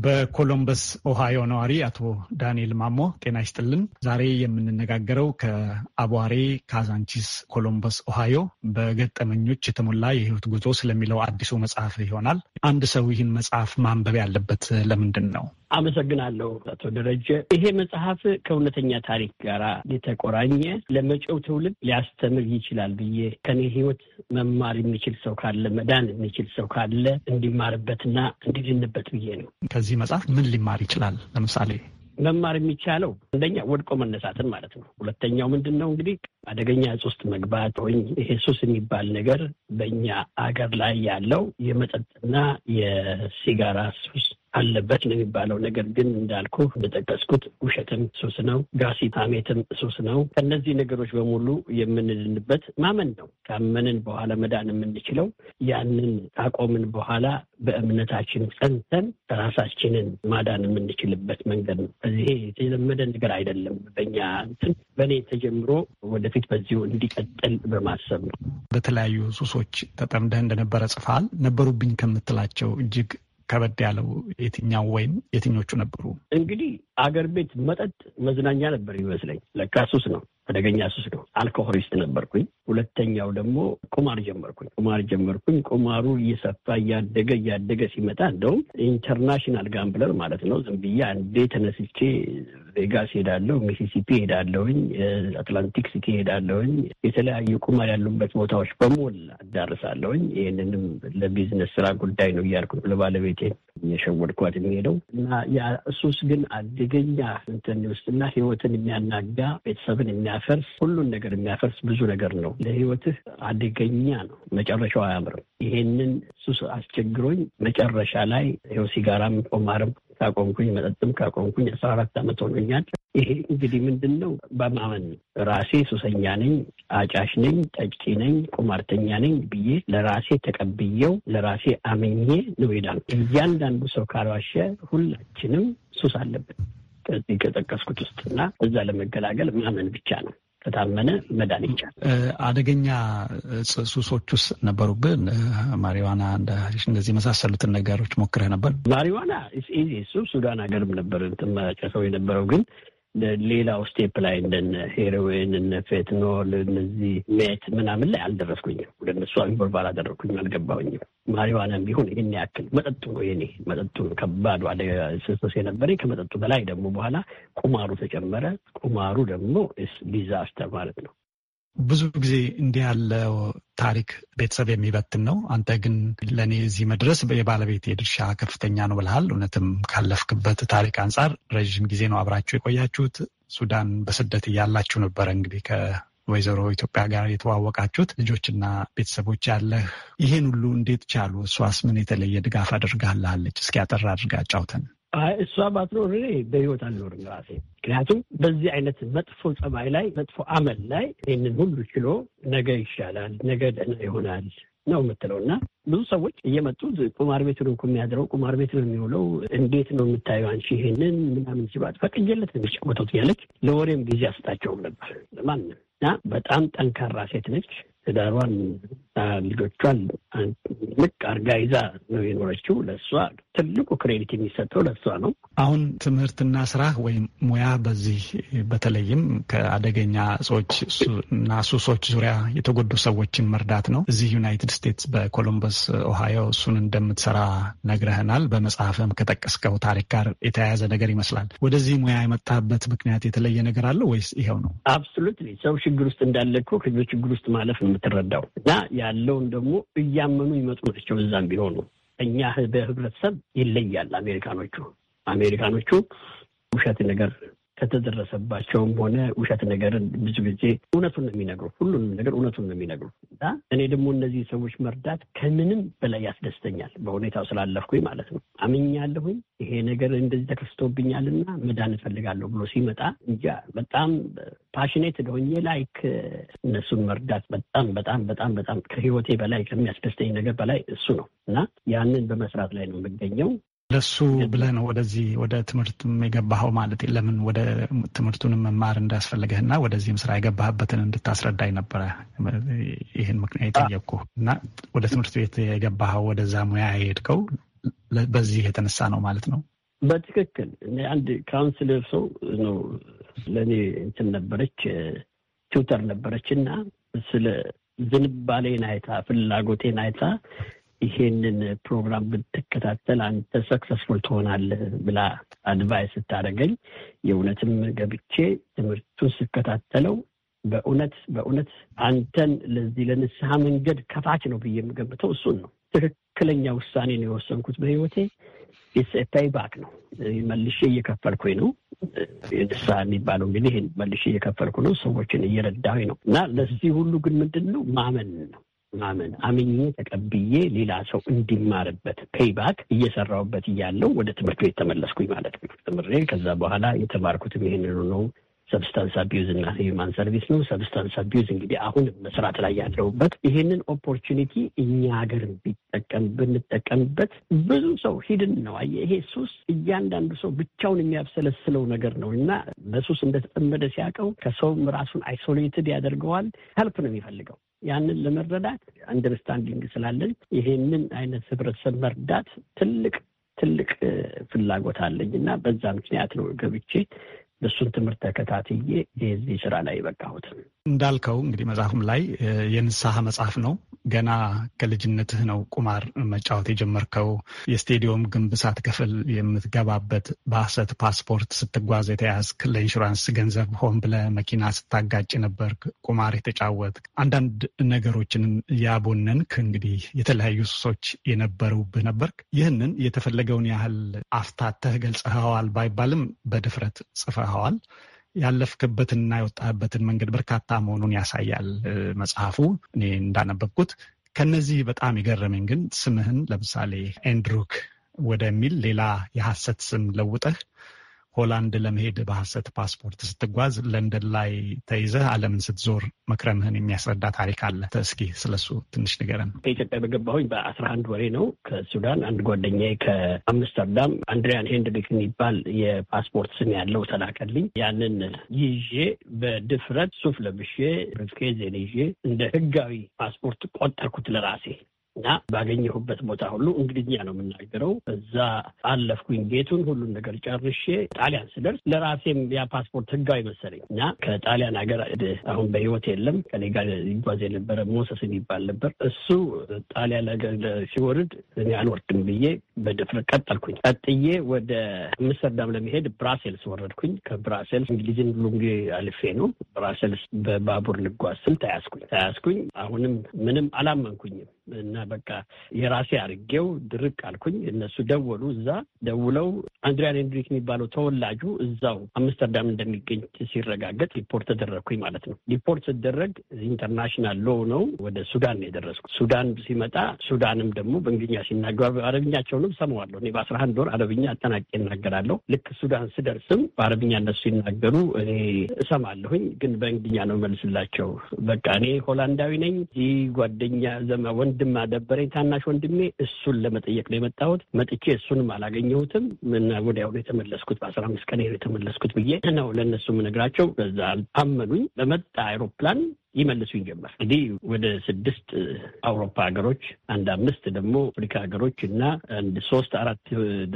S1: በኮሎምበስ ኦሃዮ ነዋሪ አቶ ዳንኤል ማሞ ጤና ይስጥልን። ዛሬ የምንነጋገረው ከአቧሬ ካዛንቺስ ኮሎምበስ ኦሃዮ በገጠመኞች የተሞላ የህይወት ጉዞ ስለሚለው አዲሱ መጽሐፍ ይሆናል። አንድ ሰው ይህን መጽሐፍ ማንበብ ያለበት ለምንድን ነው?
S5: አመሰግናለሁ አቶ ደረጀ። ይሄ መጽሐፍ ከእውነተኛ ታሪክ ጋር የተቆራኘ ለመጪው ትውልድ ሊያስተምር ይችላል ብዬ ከኔ ህይወት መማር የሚችል ሰው ካለ መዳን የሚችል ሰው ካለ እንዲማርበትና እንዲድንበት
S1: ብዬ ነው። ከዚህ መጽሐፍ ምን ሊማር ይችላል? ለምሳሌ
S5: መማር የሚቻለው አንደኛ ወድቆ መነሳትን ማለት ነው። ሁለተኛው ምንድን ነው እንግዲህ አደገኛ እጽ ውስጥ መግባት ወይም ይሄ ሱስ የሚባል ነገር በእኛ አገር ላይ ያለው የመጠጥና የሲጋራ ሱስ አለበት ነው የሚባለው። ነገር ግን እንዳልኩ እንደጠቀስኩት ውሸትም ሱስ ነው፣ ጋሲት ሐሜትም ሱስ ነው። ከእነዚህ ነገሮች በሙሉ የምንድንበት ማመን ነው። ካመንን በኋላ መዳን የምንችለው ያንን ካቆምን በኋላ በእምነታችን ጸንተን ራሳችንን ማዳን የምንችልበት መንገድ ነው። እዚህ የተለመደ ነገር አይደለም። በኛ እንትን በእኔ ተጀምሮ ወደፊት በዚሁ እንዲቀጥል በማሰብ ነው።
S1: በተለያዩ ሱሶች ተጠምደህ እንደነበረ ጽፋል ነበሩብኝ ከምትላቸው እጅግ ከበድ ያለው የትኛው ወይም የትኞቹ ነበሩ?
S5: እንግዲህ አገር ቤት መጠጥ መዝናኛ ነበር ይመስለኝ። ለካ ሱስ ነው፣ አደገኛ ሱስ ነው። አልኮሆሊስት ነበርኩኝ። ሁለተኛው ደግሞ ቁማር ጀመርኩኝ። ቁማር ጀመርኩኝ። ቁማሩ እየሰፋ እያደገ እያደገ ሲመጣ እንደውም ኢንተርናሽናል ጋምብለር ማለት ነው። ዝም ብዬ አንዴ ተነስቼ ቬጋስ ሄዳለሁ፣ ሚሲሲፒ ሄዳለሁኝ፣ አትላንቲክ ሲቲ ሄዳለሁኝ። የተለያዩ ቁማር ያሉበት ቦታዎች በሞል አዳርሳለሁኝ። ይህንንም ለቢዝነስ ስራ ጉዳይ ነው እያልኩ ለባለቤቴ የሸወድኳት የሚሄደው እና እሱስ ግን አደገኛ እንትን ውስጥና ህይወትን የሚያናጋ ቤተሰብን የሚያፈርስ ሁሉን ነገር የሚያፈርስ ብዙ ነገር ነው። ለህይወትህ አደገኛ ነው። መጨረሻው አያምርም። ይሄንን ሱስ አስቸግሮኝ መጨረሻ ላይ ይኸው ሲጋራም ቁማርም ካቆምኩኝ መጠጥም ካቆምኩኝ አስራ አራት ዓመት ሆኖኛል። ይሄ እንግዲህ ምንድን ነው በማመን ራሴ ሱሰኛ ነኝ፣ አጫሽ ነኝ፣ ጠጪ ነኝ፣ ቁማርተኛ ነኝ ብዬ ለራሴ ተቀብየው ለራሴ አመኜ ነው እያንዳንዱ ሰው ካልዋሸ ሁላችንም ሱስ አለብን ከዚህ ከጠቀስኩት ውስጥ እና እዛ ለመገላገል ማመን ብቻ ነው። ከታመነ መዳን ይቻላል።
S1: አደገኛ ውስጥ ነበሩብን? ማሪዋና እንደዚህ የመሳሰሉትን ነገሮች ሞክረህ ነበር?
S5: ማሪዋና እሱ ሱዳን ሀገርም ነበር ጨሰው የነበረው ግን ሌላው ስቴፕ ላይ እንደነ ሄሮዊን እነ ፌትኖል እነዚህ ሜት ምናምን ላይ አልደረስኩኝም። ወደ እነሱ አሚቦል ባላደረግኩኝ አልገባሁኝም። ማሪዋናም ቢሆን ይህን ያክል መጠጡ ነው የኔ መጠጡ ከባዱ አደጋ ስስስ የነበረኝ ከመጠጡ በላይ ደግሞ በኋላ ቁማሩ ተጨመረ። ቁማሩ ደግሞ ዲዛስተር ማለት ነው።
S1: ብዙ ጊዜ እንዲህ ያለው ታሪክ ቤተሰብ የሚበትን ነው። አንተ ግን ለእኔ እዚህ መድረስ የባለቤት የድርሻ ከፍተኛ ነው ብልሃል። እውነትም ካለፍክበት ታሪክ አንጻር ረዥም ጊዜ ነው አብራችሁ የቆያችሁት። ሱዳን በስደት እያላችሁ ነበረ እንግዲህ ከወይዘሮ ኢትዮጵያ ጋር የተዋወቃችሁት። ልጆችና ቤተሰቦች ያለህ ይህን ሁሉ እንዴት ቻሉ? እሷስ ምን የተለየ ድጋፍ አድርጋልሃለች? እስኪ ያጠራ አድርጋ ጫውተን
S5: እሷ ባትኖር እኔ በህይወት አልኖርም ራሴ። ምክንያቱም በዚህ አይነት መጥፎ ጸባይ ላይ መጥፎ አመል ላይ ይህንን ሁሉ ችሎ ነገ ይሻላል፣ ነገ ደህና ይሆናል ነው የምትለው እና ብዙ ሰዎች እየመጡ ቁማር ቤት ነው የሚያድረው፣ ቁማር ቤት ነው የሚውለው፣ እንዴት ነው የምታየው አንቺ ይህንን ምናምን ሲባል ፈቅጄለት የሚጫወተው ያለች ለወሬም ጊዜ አስጣቸውም ነበር ማንም እና በጣም ጠንካራ ሴት ነች። ትዳሯን ልጆቿን ልቅ አርጋ ይዛ ነው የኖረችው። ለእሷ ትልቁ ክሬዲት የሚሰጠው ለእሷ ነው።
S1: አሁን ትምህርትና ስራ ወይም ሙያ በዚህ በተለይም ከአደገኛ እጾች እና ሱሶች ዙሪያ የተጎዱ ሰዎችን መርዳት ነው። እዚህ ዩናይትድ ስቴትስ በኮሎምበስ ኦሃዮ እሱን እንደምትሰራ ነግረህናል። በመጽሐፍም ከጠቀስከው ታሪክ ጋር የተያያዘ ነገር ይመስላል። ወደዚህ ሙያ የመጣበት ምክንያት የተለየ ነገር አለው ወይስ ይኸው ነው?
S5: አብሶሉትሊ ሰው ችግር ውስጥ እንዳለ እኮ ችግር ውስጥ ማለፍ ነው የምትረዳው እና ያለውን ደግሞ እያመኑ ይመጡ ናቸው። እዛም ቢሆኑ እኛ በህብረተሰብ ይለያል። አሜሪካኖቹ አሜሪካኖቹ ውሸት ነገር ከተደረሰባቸውም ሆነ ውሸት ነገርን ብዙ ጊዜ እውነቱን ነው የሚነግሩ። ሁሉንም ነገር እውነቱን ነው የሚነግሩ እና እኔ ደግሞ እነዚህ ሰዎች መርዳት ከምንም በላይ ያስደስተኛል። በሁኔታው ስላለፍኩኝ ማለት ነው። አምኛለሁኝ ይሄ ነገር እንደዚህ ተከስቶብኛልና መዳን እፈልጋለሁ ብሎ ሲመጣ እንጃ በጣም ፓሽኔት ሆኜ ላይክ እነሱን መርዳት በጣም በጣም በጣም በጣም ከህይወቴ በላይ ከሚያስደስተኝ ነገር በላይ እሱ ነው እና ያንን በመስራት ላይ ነው የምገኘው።
S1: ለሱ ብለህ ነው ወደዚህ ወደ ትምህርት የገባኸው ማለት ለምን ወደ ትምህርቱንም መማር እና ወደዚህም ስራ የገባህበትን እንድታስረዳኝ ነበረ ይህን ምክንያት የጠየቅኩህ እና ወደ ትምህርት ቤት የገባኸው ወደዛ ሙያ የሄድከው በዚህ የተነሳ ነው ማለት ነው። በትክክል
S5: እኔ አንድ ካውንስለር ሰው ነው ለእኔ እንትን ነበረች ቲውተር ነበረች እና ስለ ዝንባሌን አይታ ፍላጎቴን አይታ ይሄንን ፕሮግራም ብትከታተል አንተ ሰክሰስፉል ትሆናለህ ብላ አድቫይስ ስታደርገኝ የእውነትም ገብቼ ትምህርቱን ስከታተለው በእውነት በእውነት አንተን ለዚህ ለንስሐ መንገድ ከፋች ነው ብዬ የምገምተው እሱን ነው። ትክክለኛ ውሳኔ ነው የወሰንኩት በህይወቴ። የሰታይ ባክ ነው። መልሼ እየከፈልኩኝ ነው። ንስሐ የሚባለው እንግዲህ መልሼ እየከፈልኩ ነው። ሰዎችን እየረዳሁኝ ነው። እና ለዚህ ሁሉ ግን ምንድን ነው ማመን ነው ማመን አምኜ ተቀብዬ ሌላ ሰው እንዲማርበት ፔይባክ እየሰራሁበት እያለው ወደ ትምህርት ቤት ተመለስኩኝ ማለት ነው። ትምሬ ከዛ በኋላ የተማርኩትም ይሄንኑ ነው። ሰብስታንስ አቢዩዝ እና ሂዩማን ሰርቪስ ነው። ሰብስታንስ አቢዩዝ እንግዲህ አሁን መስራት ላይ ያለውበት ይሄንን ኦፖርቹኒቲ እኛ ሀገር ቢጠቀም ብንጠቀምበት ብዙ ሰው ሂድን ነው። አየህ ይሄ ሱስ እያንዳንዱ ሰው ብቻውን የሚያብሰለስለው ነገር ነው እና በሱስ እንደተጠመደ ሲያውቀው ከሰውም ራሱን አይሶሌትድ ያደርገዋል። ሄልፕ ነው የሚፈልገው ያንን ለመረዳት አንደርስታንዲንግ ስላለን ይሄንን አይነት ህብረተሰብ መርዳት ትልቅ ትልቅ ፍላጎት አለኝ እና በዛ ምክንያት ነው ገብቼ በሱን ትምህርት ተከታትዬ የዚህ ስራ ላይ የበቃሁት።
S1: እንዳልከው እንግዲህ መጽሐፍም ላይ የንስሐ መጽሐፍ ነው። ገና ከልጅነትህ ነው ቁማር መጫወት የጀመርከው። የስቴዲየም ግንብ ሳትከፍል የምትገባበት በሐሰት ፓስፖርት ስትጓዝ የተያዝክ፣ ለኢንሹራንስ ገንዘብ ሆን ብለህ መኪና ስታጋጭ ነበርክ፣ ቁማር የተጫወትክ፣ አንዳንድ ነገሮችንም ያቦነንክ፣ እንግዲህ የተለያዩ ሱሶች የነበሩብህ ነበርክ። ይህንን የተፈለገውን ያህል አፍታተህ ገልጸኸዋል ባይባልም በድፍረት ጽፈኸዋል። ያለፍክበትንና የወጣበትን መንገድ በርካታ መሆኑን ያሳያል መጽሐፉ። እኔ እንዳነበብኩት ከነዚህ በጣም የገረመኝ ግን ስምህን ለምሳሌ ኤንድሩክ ወደሚል ሌላ የሐሰት ስም ለውጠህ ሆላንድ ለመሄድ በሐሰት ፓስፖርት ስትጓዝ ለንደን ላይ ተይዘህ ዓለምን ስትዞር መክረምህን የሚያስረዳ ታሪክ አለ። እስኪ ስለሱ ትንሽ ንገረን።
S5: ከኢትዮጵያ በገባሁኝ በአስራ አንድ ወሬ ነው። ከሱዳን አንድ ጓደኛዬ ከአምስተርዳም አንድሪያን ሄንድሪክ የሚባል የፓስፖርት ስም ያለው ተላከልኝ። ያንን ይዤ በድፍረት ሱፍ ለብሼ ብሪፍኬዝ ይዤ እንደ ህጋዊ ፓስፖርት ቆጠርኩት ለራሴ እና ባገኘሁበት ቦታ ሁሉ እንግሊዝኛ ነው የምናገረው። እዛ አለፍኩኝ ቤቱን ሁሉን ነገር ጨርሼ ጣሊያን ስደርስ ለራሴም ያ ፓስፖርት ህጋዊ መሰለኝ እና ከጣሊያን ሀገር አሁን በህይወት የለም ከኔ ጋር ሊጓዝ የነበረ ሞሰስ የሚባል ነበር። እሱ ጣሊያን ሀገር ሲወርድ እኔ አልወርድም ብዬ በድፍረት ቀጠልኩኝ። ቀጥዬ ወደ አምስተርዳም ለመሄድ ብራሴልስ ወረድኩኝ። ከብራሴልስ እንግሊዝን ሁሉ አልፌ ነው ብራሴልስ በባቡር ልጓዝ ስል ተያዝኩኝ። ተያዝኩኝ አሁንም ምንም አላመንኩኝም እና በቃ የራሴ አድርጌው ድርቅ አልኩኝ። እነሱ ደወሉ። እዛ ደውለው አንድሪያን ሬንድሪክ የሚባለው ተወላጁ እዛው አምስተርዳም እንደሚገኝ ሲረጋገጥ ሪፖርት ተደረግኩኝ ማለት ነው። ሪፖርት ስደረግ ኢንተርናሽናል ሎ ነው። ወደ ሱዳን ነው የደረስኩ። ሱዳን ሲመጣ ሱዳንም ደግሞ በእንግሊዝኛ ሲናገሩ አረብኛቸውንም ሰማዋለሁ። እኔ በአስራ አንድ ወር አረብኛ አጠናቄ እናገራለሁ። ልክ ሱዳን ስደርስም በአረብኛ እነሱ ሲናገሩ እኔ እሰማለሁኝ፣ ግን በእንግኛ ነው መልስላቸው። በቃ እኔ ሆላንዳዊ ነኝ። ይህ ጓደኛ ዘመ ወንድም አደበረኝ ታናሽ ወንድሜ እሱን ለመጠየቅ ነው የመጣሁት። መጥቼ እሱንም አላገኘሁትም እና ወዲያው የተመለስኩት። በአስራ አምስት ቀን የተመለስኩት ብዬ ነው ለእነሱ ምነግራቸው። በዛ አመኑኝ። በመጣ አይሮፕላን ይመልሱኝ ጀመር። እንግዲህ ወደ ስድስት አውሮፓ ሀገሮች፣ አንድ አምስት ደግሞ አፍሪካ ሀገሮች እና አንድ ሶስት አራት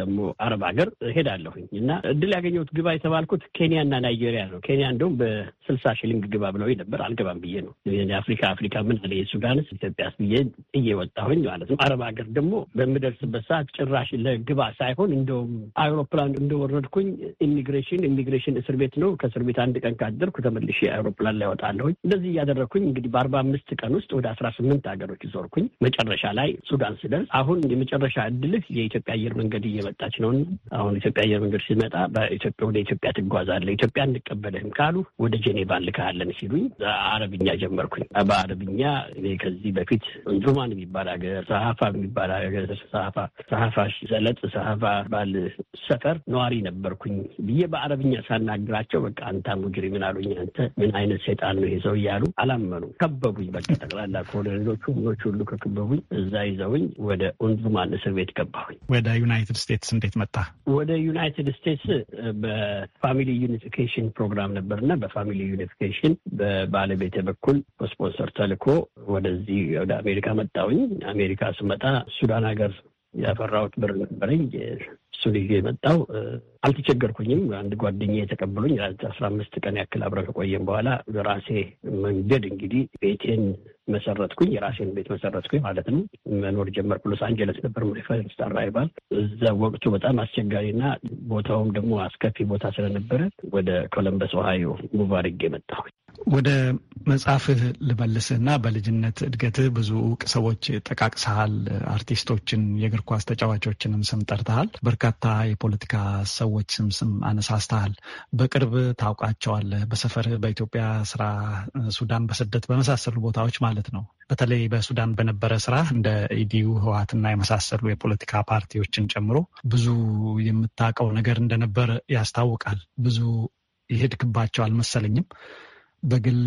S5: ደግሞ አረብ ሀገር ሄዳለሁኝ እና እድል ያገኘሁት ግባ የተባልኩት ኬንያና ናይጄሪያ ነው። ኬንያ እንደውም በስልሳ ሽሊንግ ግባ ብለው ነበር። አልገባም ብዬ ነው አፍሪካ አፍሪካ ምን አለ የሱዳንስ ኢትዮጵያስ ብዬ እየወጣሁኝ ማለት ነው። አረብ ሀገር ደግሞ በምደርስበት ሰዓት ጭራሽ ለግባ ሳይሆን እንደውም አውሮፕላን እንደወረድኩኝ ኢሚግሬሽን ኢሚግሬሽን እስር ቤት ነው። ከእስር ቤት አንድ ቀን ካደርኩ ተመልሼ አውሮፕላን ላይ ወጣለሁኝ እንደዚህ ያደረግኩኝ እንግዲህ በአርባ አምስት ቀን ውስጥ ወደ አስራ ስምንት ሀገሮች ዞርኩኝ። መጨረሻ ላይ ሱዳን ስደርስ አሁን የመጨረሻ እድልህ የኢትዮጵያ አየር መንገድ እየመጣች ነው። አሁን ኢትዮጵያ አየር መንገድ ሲመጣ በኢትዮጵያ ወደ ኢትዮጵያ ትጓዛለህ፣ ኢትዮጵያ እንቀበልህም ካሉ ወደ ጄኔቫ እንልክሃለን ሲሉኝ አረብኛ ጀመርኩኝ። በአረብኛ እኔ ከዚህ በፊት ዙማን የሚባል ሀገር፣ ሰሀፋ የሚባል ሀገር፣ ሰሀፋ ሰሀፋ ሰለጥ ሰሀፋ ባል ሰፈር ነዋሪ ነበርኩኝ ብዬ በአረብኛ ሳናግራቸው በቃ አንተ ሙጅሪ ምን አሉኝ፣ አንተ ምን አይነት ሴጣን ነው ይሄ ሰው እያሉ አላመኑ ከበቡኝ። በቃ ጠቅላላ ኮሎኔሎቹ ምኖች ሁሉ ከከበቡኝ። እዛ ይዘውኝ ወደ ኦንዙማን እስር ቤት ገባሁኝ።
S1: ወደ ዩናይትድ ስቴትስ እንዴት መጣ?
S5: ወደ ዩናይትድ ስቴትስ በፋሚሊ ዩኒፊኬሽን ፕሮግራም ነበር በፋሚሊ ዩኒፊኬሽን በባለቤቴ በኩል በስፖንሰር ተልኮ ወደዚህ ወደ አሜሪካ መጣሁኝ። አሜሪካ ስመጣ ሱዳን ሀገር ያፈራሁት ብር ነበረኝ እሱ ይዤ የመጣው አልተቸገርኩኝም። አንድ ጓደኛ የተቀበሉኝ አስራ አምስት ቀን ያክል አብረ ከቆየም በኋላ በራሴ መንገድ እንግዲህ ቤቴን መሰረትኩኝ። የራሴን ቤት መሰረትኩኝ ማለት ነው። መኖር ጀመርኩ። ሎስ አንጀለስ ነበር ፈርስት አራይቫል። እዛ ወቅቱ በጣም አስቸጋሪና
S1: ቦታውም ደግሞ አስከፊ ቦታ ስለነበረ
S5: ወደ ኮለምበስ ኦሃዮ ሙቭ አድርጌ
S1: ወደ መጽሐፍህ ልመልስህና በልጅነት እድገትህ ብዙ እውቅ ሰዎች ጠቃቅሰሃል። አርቲስቶችን፣ የእግር ኳስ ተጫዋቾችንም ስም ጠርተሃል። በርካ በርካታ የፖለቲካ ሰዎች ስም አነሳስተሃል። በቅርብ ታውቃቸዋለህ፣ በሰፈርህ፣ በኢትዮጵያ ስራ፣ ሱዳን በስደት በመሳሰሉ ቦታዎች ማለት ነው። በተለይ በሱዳን በነበረ ስራ እንደ ኢዲዩ ህወሓትና የመሳሰሉ የፖለቲካ ፓርቲዎችን ጨምሮ ብዙ የምታውቀው ነገር እንደነበር ያስታውቃል። ብዙ ይሄድክባቸው አልመሰለኝም። በግል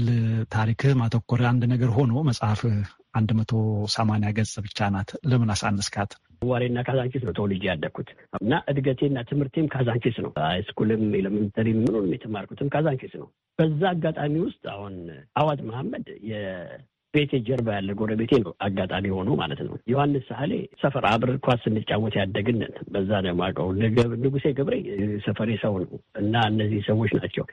S1: ታሪክህ ማተኮር አንድ ነገር ሆኖ መጽሐፍህ አንድ መቶ ሰማንያ ገጽ ብቻ ናት። ለምን አሳነስካት?
S5: ዋሬና ካዛንቺስ ነው ተወልጄ ያደግኩት እና እድገቴና ትምህርቴም ካዛንቺስ ነው። ሃይስኩልም ኤሌመንተሪ ምኑንም የተማርኩትም ካዛንቺስ ነው። በዛ አጋጣሚ ውስጥ አሁን አዋዝ መሐመድ የቤቴ ጀርባ ያለ ጎረቤቴ ነው። አጋጣሚ ሆኖ ማለት ነው። ዮሐንስ ሳህሌ ሰፈር አብር ኳስ ስንጫወት ያደግንን በዛ ነው የማውቀው። ንጉሴ ገብሬ ሰፈሬ ሰው ነው እና እነዚህ ሰዎች ናቸው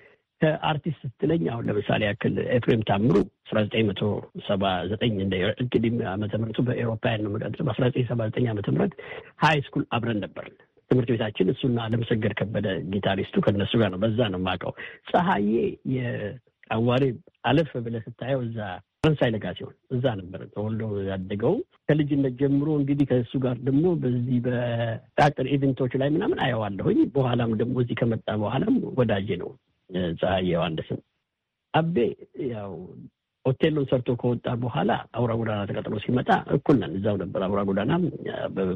S5: ከአርቲስት ስትለኝ አሁን ለምሳሌ ያክል ኤፍሬም ታምሩ አስራ ዘጠኝ መቶ ሰባ ዘጠኝ እንደ እንግዲህ ዓመተ ምሕረቱ በኤሮፓያን ነው መቀጥ በአስራ ዘጠኝ ሰባ ዘጠኝ ዓመተ ምሕረት ሀይ ስኩል አብረን ነበር ትምህርት ቤታችን እሱና አለምሰገድ ከበደ ጊታሪስቱ ከነሱ ጋር ነው። በዛ ነው የማውቀው። ፀሐዬ የአዋሬ አለፍ ብለህ ስታየው እዛ ፈረንሳይ ለጋ ሲሆን እዛ ነበር ተወልዶ ያደገው ከልጅነት ጀምሮ እንግዲህ ከእሱ ጋር ደግሞ በዚህ በአጭር ኢቨንቶች ላይ ምናምን አየዋለሁኝ። በኋላም ደግሞ እዚህ ከመጣ በኋላም ወዳጄ ነው። ፀሐይ ዮሐንስም አቤ ያው ሆቴሉን ሰርቶ ከወጣ በኋላ አውራ ጎዳና ተቀጥሎ ሲመጣ እኩል ነን። እዛው ነበር አውራ ጎዳና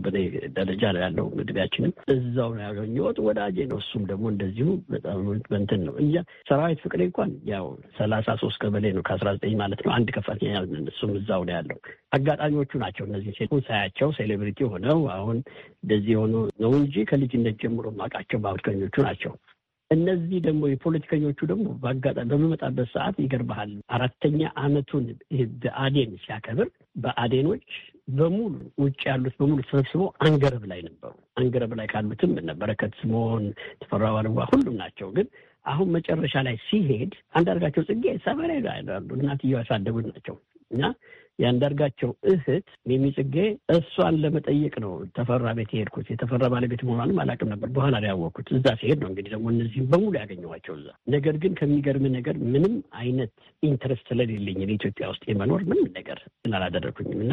S5: በኔ ደረጃ ነው ያለው። እድሜያችንም እዛው ነው ያገኘሁት። ወዳጄ ነው። እሱም ደግሞ እንደዚሁ በጣም በእንትን ነው እያ ሰራዊት ፍቅሬ እንኳን ያው ሰላሳ ሶስት ቀበሌ ነው ከአስራ ዘጠኝ ማለት ነው አንድ ከፋት እሱም እዛው ነው ያለው። አጋጣሚዎቹ ናቸው እነዚህ ሴ ሳያቸው ሴሌብሪቲ ሆነው አሁን እንደዚህ የሆኑ ነው እንጂ ከልጅነት ጀምሮ ማውቃቸው ባወድቀኞቹ ናቸው። እነዚህ ደግሞ የፖለቲከኞቹ ደግሞ በአጋጣሚ በሚመጣበት ሰዓት ይገርባሃል አራተኛ አመቱን በአዴን ሲያከብር በአዴኖች በሙሉ ውጭ ያሉት በሙሉ ተሰብስበው አንገረብ ላይ ነበሩ። አንገረብ ላይ ካሉትም እነ በረከት ስምኦን፣ ተፈራ ዋልዋ ሁሉም ናቸው። ግን አሁን መጨረሻ ላይ ሲሄድ አንዳርጋቸው ጽጌ ሰበሬ ያሉ እናትየው ያሳደጉት ናቸው እና ያንዳርጋቸው እህት ሚሚ ጽጌ እሷን ለመጠየቅ ነው ተፈራ ቤት የሄድኩት። የተፈራ ባለቤት መሆኗንም አላውቅም ነበር። በኋላ ላይ ያወቅኩት። እዛ ሲሄድ ነው እንግዲህ ደግሞ እነዚህም በሙሉ ያገኘኋቸው እዛ። ነገር ግን ከሚገርም ነገር ምንም አይነት ኢንትረስት ስለሌለኝ ኢትዮጵያ ውስጥ የመኖር ምንም ነገር ስላላደረኩኝም እና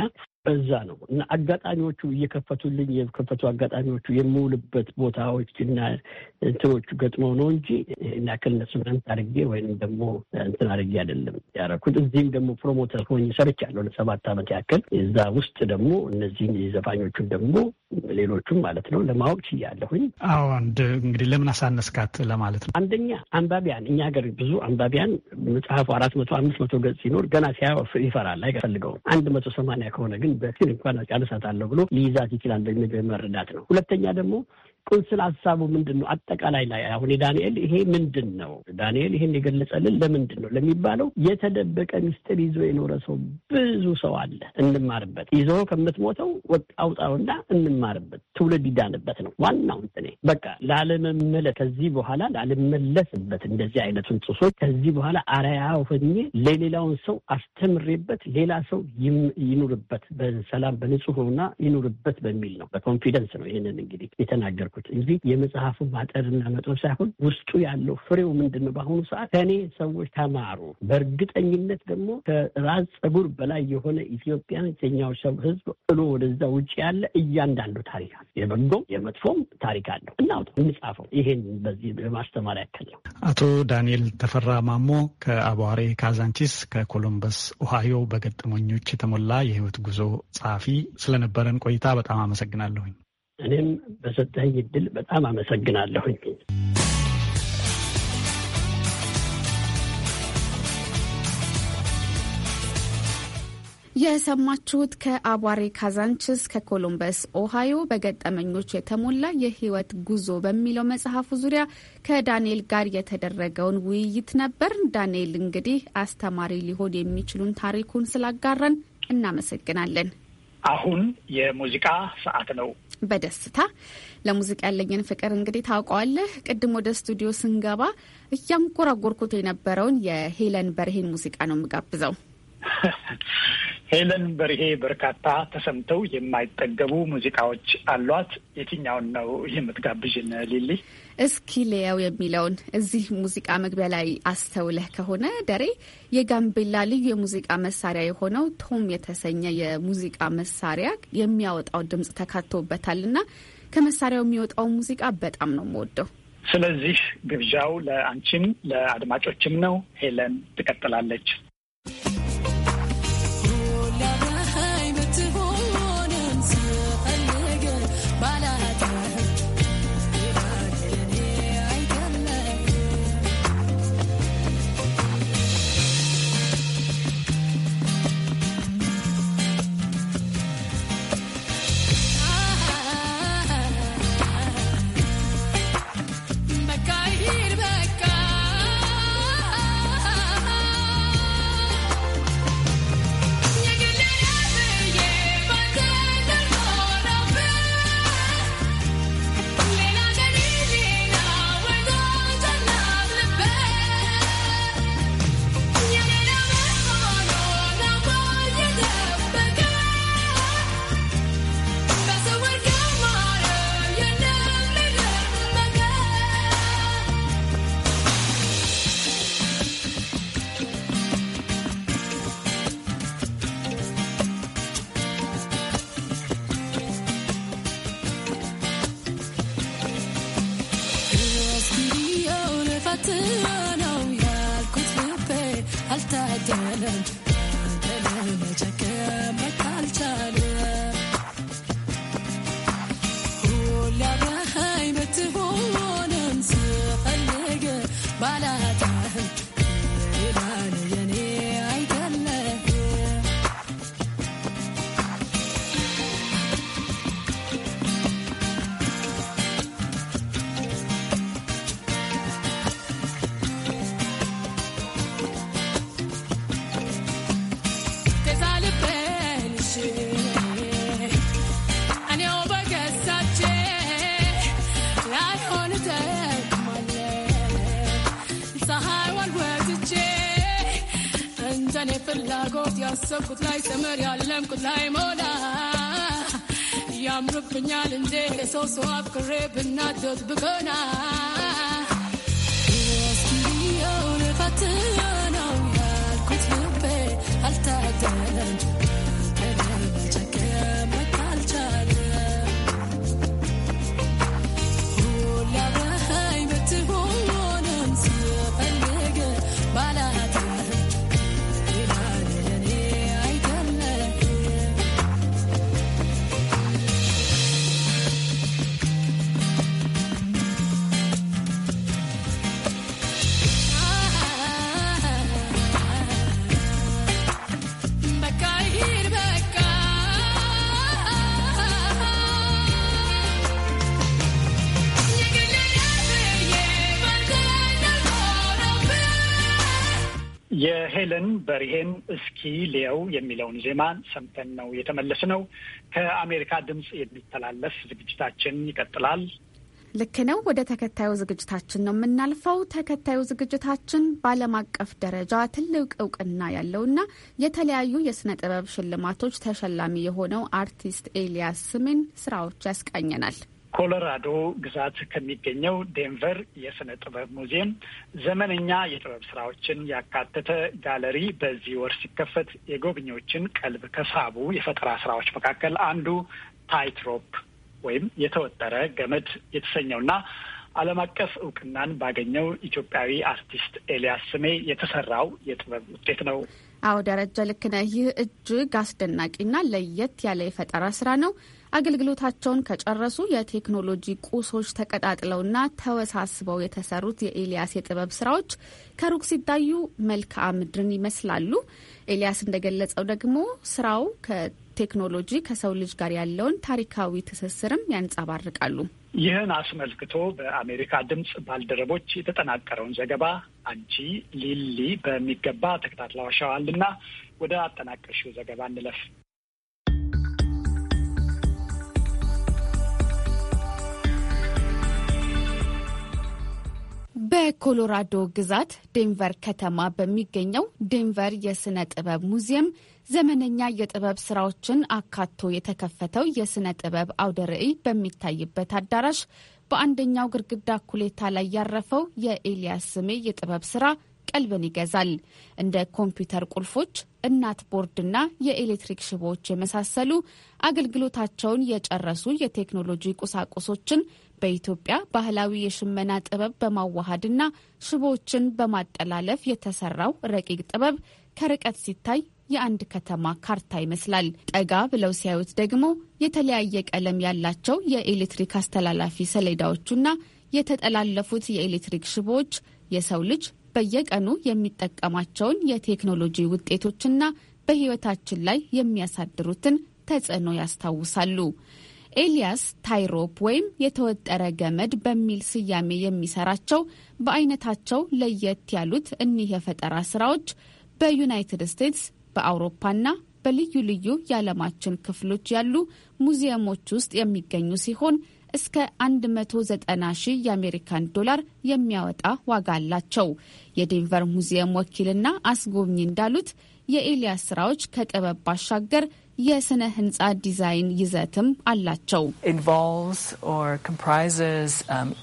S5: እዛ ነው እና አጋጣሚዎቹ እየከፈቱልኝ የከፈቱ አጋጣሚዎቹ የምውልበት ቦታዎች እና እንትኖቹ ገጥመው ነው እንጂ ይህን ያክል እነሱን እንትን አድርጌ ወይም ደግሞ እንትን አድርጌ አይደለም ያደረኩት። እዚህም ደግሞ ፕሮሞተር ሆኜ ሰርቻለሁ ለሰባት ዓመት ያክል። እዛ ውስጥ ደግሞ እነዚህ ዘፋኞቹን ደግሞ ሌሎቹም ማለት ነው ለማወቅ ችያለሁኝ።
S1: አዎ አንድ እንግዲህ ለምን አሳነስካት
S5: ለማለት ነው። አንደኛ አንባቢያን እኛ ሀገር ብዙ አንባቢያን መጽሐፉ አራት መቶ አምስት መቶ ገጽ ሲኖር ገና ሲያ ይፈራል አይፈልገውም። አንድ መቶ ሰማንያ ከሆነ ግን በስልኳን ጨርሳታለሁ ብሎ ሊይዛት ይችላል በሚል መረዳት ነው። ሁለተኛ ደግሞ ቁንስል ሀሳቡ ምንድን ነው? አጠቃላይ ላይ አሁን የዳንኤል ይሄ ምንድን ነው? ዳንኤል ይሄን የገለጸልን ለምንድን ነው ለሚባለው የተደበቀ ሚስጥር ይዞ የኖረ ሰው ብዙ ሰው አለ። እንማርበት። ይዞ ከምትሞተው ወጥ አውጣውና እንማርበት። ትውልድ ይዳንበት ነው ዋናው እንትኔ። በቃ ላለመመለስ ከዚህ በኋላ ላለመለስበት እንደዚህ አይነቱን ጽሶች ከዚህ በኋላ አርያ ሆኜ ለሌላውን ሰው አስተምሬበት ሌላ ሰው ይኑርበት በሰላም በንጹህና ይኑርበት በሚል ነው። በኮንፊደንስ ነው ይህንን እንግዲህ የተናገርኩ ያልኩት እንግዲህ የመጽሐፉ ማጠርና መጥበብ ሳይሆን ውስጡ ያለው ፍሬው ምንድን ነው? በአሁኑ ሰዓት ከኔ ሰዎች ተማሩ። በእርግጠኝነት ደግሞ ከራስ ጸጉር በላይ የሆነ ኢትዮጵያን የኛው ሰው ህዝብ ጥሎ ወደዛ ውጭ ያለ እያንዳንዱ ታሪክ አለ። የበጎም የመጥፎም ታሪክ አለው እና የሚጻፈው ይሄን በዚህ ማስተማር ያክል ነው።
S1: አቶ ዳንኤል ተፈራ ማሞ ከአቧሬ ካዛንቺስ ከኮሎምበስ ኦሃዮ በገጠመኞች የተሞላ የህይወት ጉዞ ጸሐፊ ስለነበረን ቆይታ በጣም አመሰግናለሁኝ።
S5: እኔም በሰጠኝ እድል በጣም አመሰግናለሁኝ።
S2: የሰማችሁት ከአቧሬ ካዛንችስ ከኮሎምበስ ኦሃዮ በገጠመኞች የተሞላ የህይወት ጉዞ በሚለው መጽሐፉ ዙሪያ ከዳንኤል ጋር የተደረገውን ውይይት ነበር። ዳንኤል እንግዲህ አስተማሪ ሊሆን የሚችሉን ታሪኩን ስላጋራን እናመሰግናለን።
S1: አሁን የሙዚቃ ሰዓት ነው።
S2: በደስታ ለሙዚቃ ያለኝን ፍቅር እንግዲህ ታውቀዋለህ። ቅድም ወደ ስቱዲዮ ስንገባ እያንጎራጎርኩት የነበረውን የሄለን በርሄን ሙዚቃ ነው የምጋብዘው።
S1: ሄለን በርሄ በርካታ ተሰምተው የማይጠገቡ ሙዚቃዎች አሏት። የትኛውን ነው የምትጋብዥን ሊሊ?
S2: እስኪ ሌያው የሚለውን እዚህ ሙዚቃ መግቢያ ላይ አስተውለህ ከሆነ ደሬ የጋምቤላ ልዩ የሙዚቃ መሳሪያ የሆነው ቶም የተሰኘ የሙዚቃ መሳሪያ የሚያወጣው ድምጽ ተካቶበታል እና ከመሳሪያው የሚወጣው ሙዚቃ በጣም ነው የምወደው።
S1: ስለዚህ ግብዣው ለአንቺም ለአድማጮችም ነው። ሄለን ትቀጥላለች።
S8: እንዳይሞላ ያምርብኛል እንዴ ሰው ሰው ክሬ ብናደድ ብከና እስኪ ያልኩት ልቤ አልታደለም
S1: ሄለን በሪሄን እስኪ ሌየው የሚለውን ዜማ ሰምተን ነው የተመለስ ነው። ከአሜሪካ ድምፅ የሚተላለፍ ዝግጅታችን ይቀጥላል።
S2: ልክ ነው። ወደ ተከታዩ ዝግጅታችን ነው የምናልፈው። ተከታዩ ዝግጅታችን በዓለም አቀፍ ደረጃ ትልቅ እውቅና ያለውና የተለያዩ የስነ ጥበብ ሽልማቶች ተሸላሚ የሆነው አርቲስት ኤልያስ ስሜን ስራዎች ያስቃኘናል።
S1: ኮሎራዶ ግዛት ከሚገኘው ዴንቨር የስነ ጥበብ ሙዚየም ዘመነኛ የጥበብ ስራዎችን ያካተተ ጋለሪ በዚህ ወር ሲከፈት የጎብኚዎችን ቀልብ ከሳቡ የፈጠራ ስራዎች መካከል አንዱ ታይትሮፕ ወይም የተወጠረ ገመድ የተሰኘውና ዓለም አቀፍ እውቅናን ባገኘው ኢትዮጵያዊ አርቲስት ኤልያስ ስሜ የተሰራው የጥበብ ውጤት ነው።
S2: አዎ ደረጃ ልክ ነህ። ይህ እጅግ አስደናቂና ለየት ያለ የፈጠራ ስራ ነው። አገልግሎታቸውን ከጨረሱ የቴክኖሎጂ ቁሶች ተቀጣጥለውና ተወሳስበው የተሰሩት የኤልያስ የጥበብ ስራዎች ከሩቅ ሲታዩ መልክዓ ምድርን ይመስላሉ። ኤልያስ እንደገለጸው ደግሞ ስራው ከቴክኖሎጂ ከሰው ልጅ ጋር ያለውን ታሪካዊ ትስስርም ያንጸባርቃሉ።
S1: ይህን አስመልክቶ በአሜሪካ ድምፅ ባልደረቦች የተጠናቀረውን ዘገባ አንቺ ሊሊ በሚገባ ተከታትላዋሻዋልና ወደ አጠናቀሽው ዘገባ እንለፍ።
S2: በኮሎራዶ ግዛት ዴንቨር ከተማ በሚገኘው ዴንቨር የሥነ ጥበብ ሙዚየም ዘመነኛ የጥበብ ስራዎችን አካቶ የተከፈተው የሥነ ጥበብ አውደ ርዕይ በሚታይበት አዳራሽ በአንደኛው ግድግዳ ኩሌታ ላይ ያረፈው የኤልያስ ስሜ የጥበብ ስራ ቀልብን ይገዛል። እንደ ኮምፒውተር ቁልፎች፣ እናት ቦርድና የኤሌክትሪክ ሽቦዎች የመሳሰሉ አገልግሎታቸውን የጨረሱ የቴክኖሎጂ ቁሳቁሶችን በኢትዮጵያ ባህላዊ የሽመና ጥበብ በማዋሃድና ሽቦዎችን በማጠላለፍ የተሰራው ረቂቅ ጥበብ ከርቀት ሲታይ የአንድ ከተማ ካርታ ይመስላል። ጠጋ ብለው ሲያዩት ደግሞ የተለያየ ቀለም ያላቸው የኤሌክትሪክ አስተላላፊ ሰሌዳዎቹና የተጠላለፉት የኤሌክትሪክ ሽቦዎች የሰው ልጅ በየቀኑ የሚጠቀማቸውን የቴክኖሎጂ ውጤቶችና በሕይወታችን ላይ የሚያሳድሩትን ተጽዕኖ ያስታውሳሉ። ኤልያስ ታይሮፕ ወይም የተወጠረ ገመድ በሚል ስያሜ የሚሰራቸው በአይነታቸው ለየት ያሉት እኒህ የፈጠራ ስራዎች በዩናይትድ ስቴትስ በአውሮፓና በልዩ ልዩ የዓለማችን ክፍሎች ያሉ ሙዚየሞች ውስጥ የሚገኙ ሲሆን እስከ 190 ሺህ የአሜሪካን ዶላር የሚያወጣ ዋጋ አላቸው። የዴንቨር ሙዚየም ወኪልና አስጎብኚ እንዳሉት የኤልያስ ስራዎች ከጥበብ ባሻገር የስነ ህንፃ ዲዛይን ይዘትም አላቸው።
S8: um,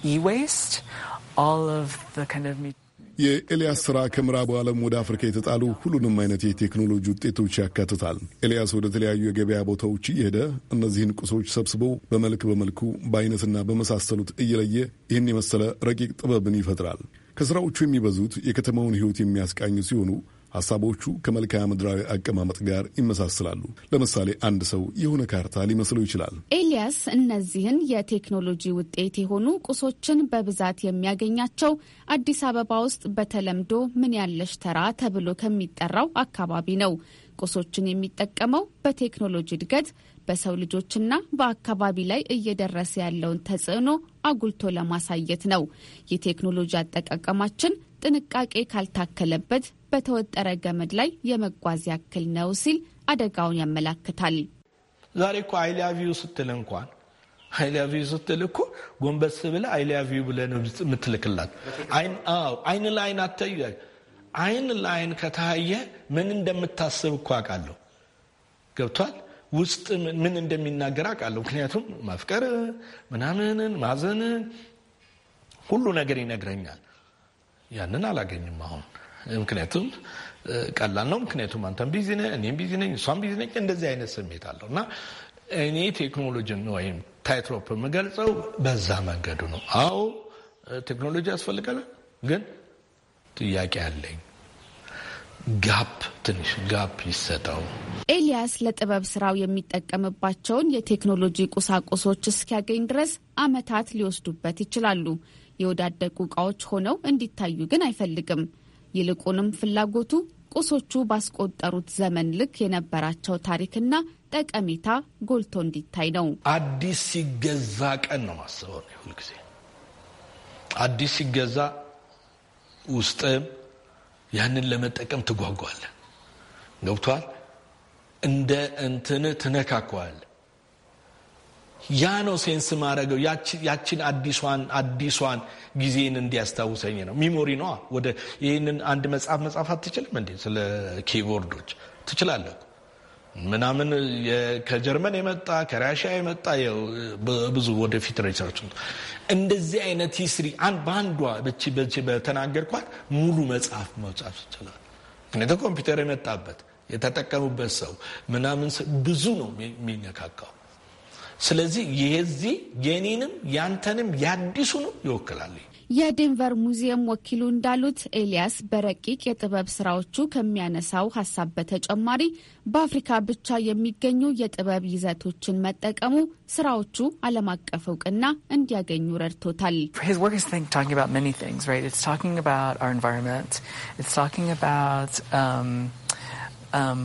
S6: የኤልያስ ስራ ከምዕራቡ ዓለም ወደ አፍሪካ የተጣሉ ሁሉንም አይነት የቴክኖሎጂ ውጤቶች ያካትታል። ኤልያስ ወደ ተለያዩ የገበያ ቦታዎች እየሄደ እነዚህን ቁሶች ሰብስቦ በመልክ በመልኩ በአይነትና በመሳሰሉት እየለየ ይህን የመሰለ ረቂቅ ጥበብን ይፈጥራል። ከስራዎቹ የሚበዙት የከተማውን ህይወት የሚያስቃኙ ሲሆኑ ሀሳቦቹ ከመልክዓ ምድራዊ አቀማመጥ ጋር ይመሳስላሉ። ለምሳሌ አንድ ሰው የሆነ ካርታ ሊመስለው ይችላል።
S2: ኤልያስ እነዚህን የቴክኖሎጂ ውጤት የሆኑ ቁሶችን በብዛት የሚያገኛቸው አዲስ አበባ ውስጥ በተለምዶ ምን ያለሽ ተራ ተብሎ ከሚጠራው አካባቢ ነው። ቁሶችን የሚጠቀመው በቴክኖሎጂ እድገት በሰው ልጆችና በአካባቢ ላይ እየደረሰ ያለውን ተጽዕኖ አጉልቶ ለማሳየት ነው። የቴክኖሎጂ አጠቃቀማችን ጥንቃቄ ካልታከለበት በተወጠረ ገመድ ላይ የመጓዝ ያክል ነው ሲል አደጋውን ያመላክታል።
S4: ዛሬ እኮ አይሊያቪዩ ስትል እንኳን አይሊያቪዩ ስትል እኮ ጎንበስ ብለ አይሊያቪዩ ብለ ነው የምትልክላት። አይን ለአይን አተዩ አይን ለአይን ከታየ ምን እንደምታስብ እኮ አውቃለሁ። ገብቷል ውስጥ ምን እንደሚናገር አውቃለሁ። ምክንያቱም ማፍቀር ምናምንን ማዘንን ሁሉ ነገር ይነግረኛል። ያንን አላገኝም አሁን ምክንያቱም ቀላል ነው። ምክንያቱም አንተም ቢዚ ነህ፣ እኔም ቢዚ ነኝ፣ እሷም ቢዚ ነኝ። እንደዚህ አይነት ስሜት አለው እና እኔ ቴክኖሎጂን ወይም ታይትሮፕ የምገልጸው በዛ መንገዱ ነው። አዎ ቴክኖሎጂ ያስፈልጋል፣ ግን ጥያቄ አለኝ። ጋፕ ትንሽ ጋፕ ይሰጠው።
S2: ኤልያስ ለጥበብ ስራው የሚጠቀምባቸውን የቴክኖሎጂ ቁሳቁሶች እስኪያገኝ ድረስ አመታት ሊወስዱበት ይችላሉ። የወዳደቁ እቃዎች ሆነው እንዲታዩ ግን አይፈልግም። ይልቁንም ፍላጎቱ ቁሶቹ ባስቆጠሩት ዘመን ልክ የነበራቸው ታሪክና ጠቀሜታ ጎልቶ እንዲታይ ነው።
S4: አዲስ ሲገዛ ቀን ነው ማስበው ሁልጊዜ አዲስ ሲገዛ ውስጥም ያንን ለመጠቀም ትጓጓለ ገብቷል። እንደ እንትን ትነካከዋለ። ያ ነው ሴንስ ማድረገው ያችን አዲሷን አዲሷን ጊዜን እንዲያስታውሰኝ ነው። ሚሞሪ ነዋ። ወደ ይህንን አንድ መጽሐፍ መጽሐፍ አትችልም እንዴ? ስለ ኪቦርዶች ትችላለህ ምናምን ከጀርመን የመጣ ከራሽያ የመጣ ብዙ ወደፊት ሪሰርች እንደዚህ አይነት ሂስትሪ በአንዷ በቺ በቺ በተናገርኳት ሙሉ መጽሐፍ መጽሐፍ ይችላል። ምክንያቱ ኮምፒውተር የመጣበት የተጠቀሙበት ሰው ምናምን ብዙ ነው የሚነካካው። ስለዚህ የዚህ የኔንም ያንተንም የአዲሱንም ይወክላል።
S2: የዴንቨር ሙዚየም ወኪሉ እንዳሉት ኤልያስ በረቂቅ የጥበብ ስራዎቹ ከሚያነሳው ሀሳብ በተጨማሪ በአፍሪካ ብቻ የሚገኙ የጥበብ ይዘቶችን መጠቀሙ ስራዎቹ ዓለም አቀፍ እውቅና እንዲያገኙ ረድቶታል።
S8: Um,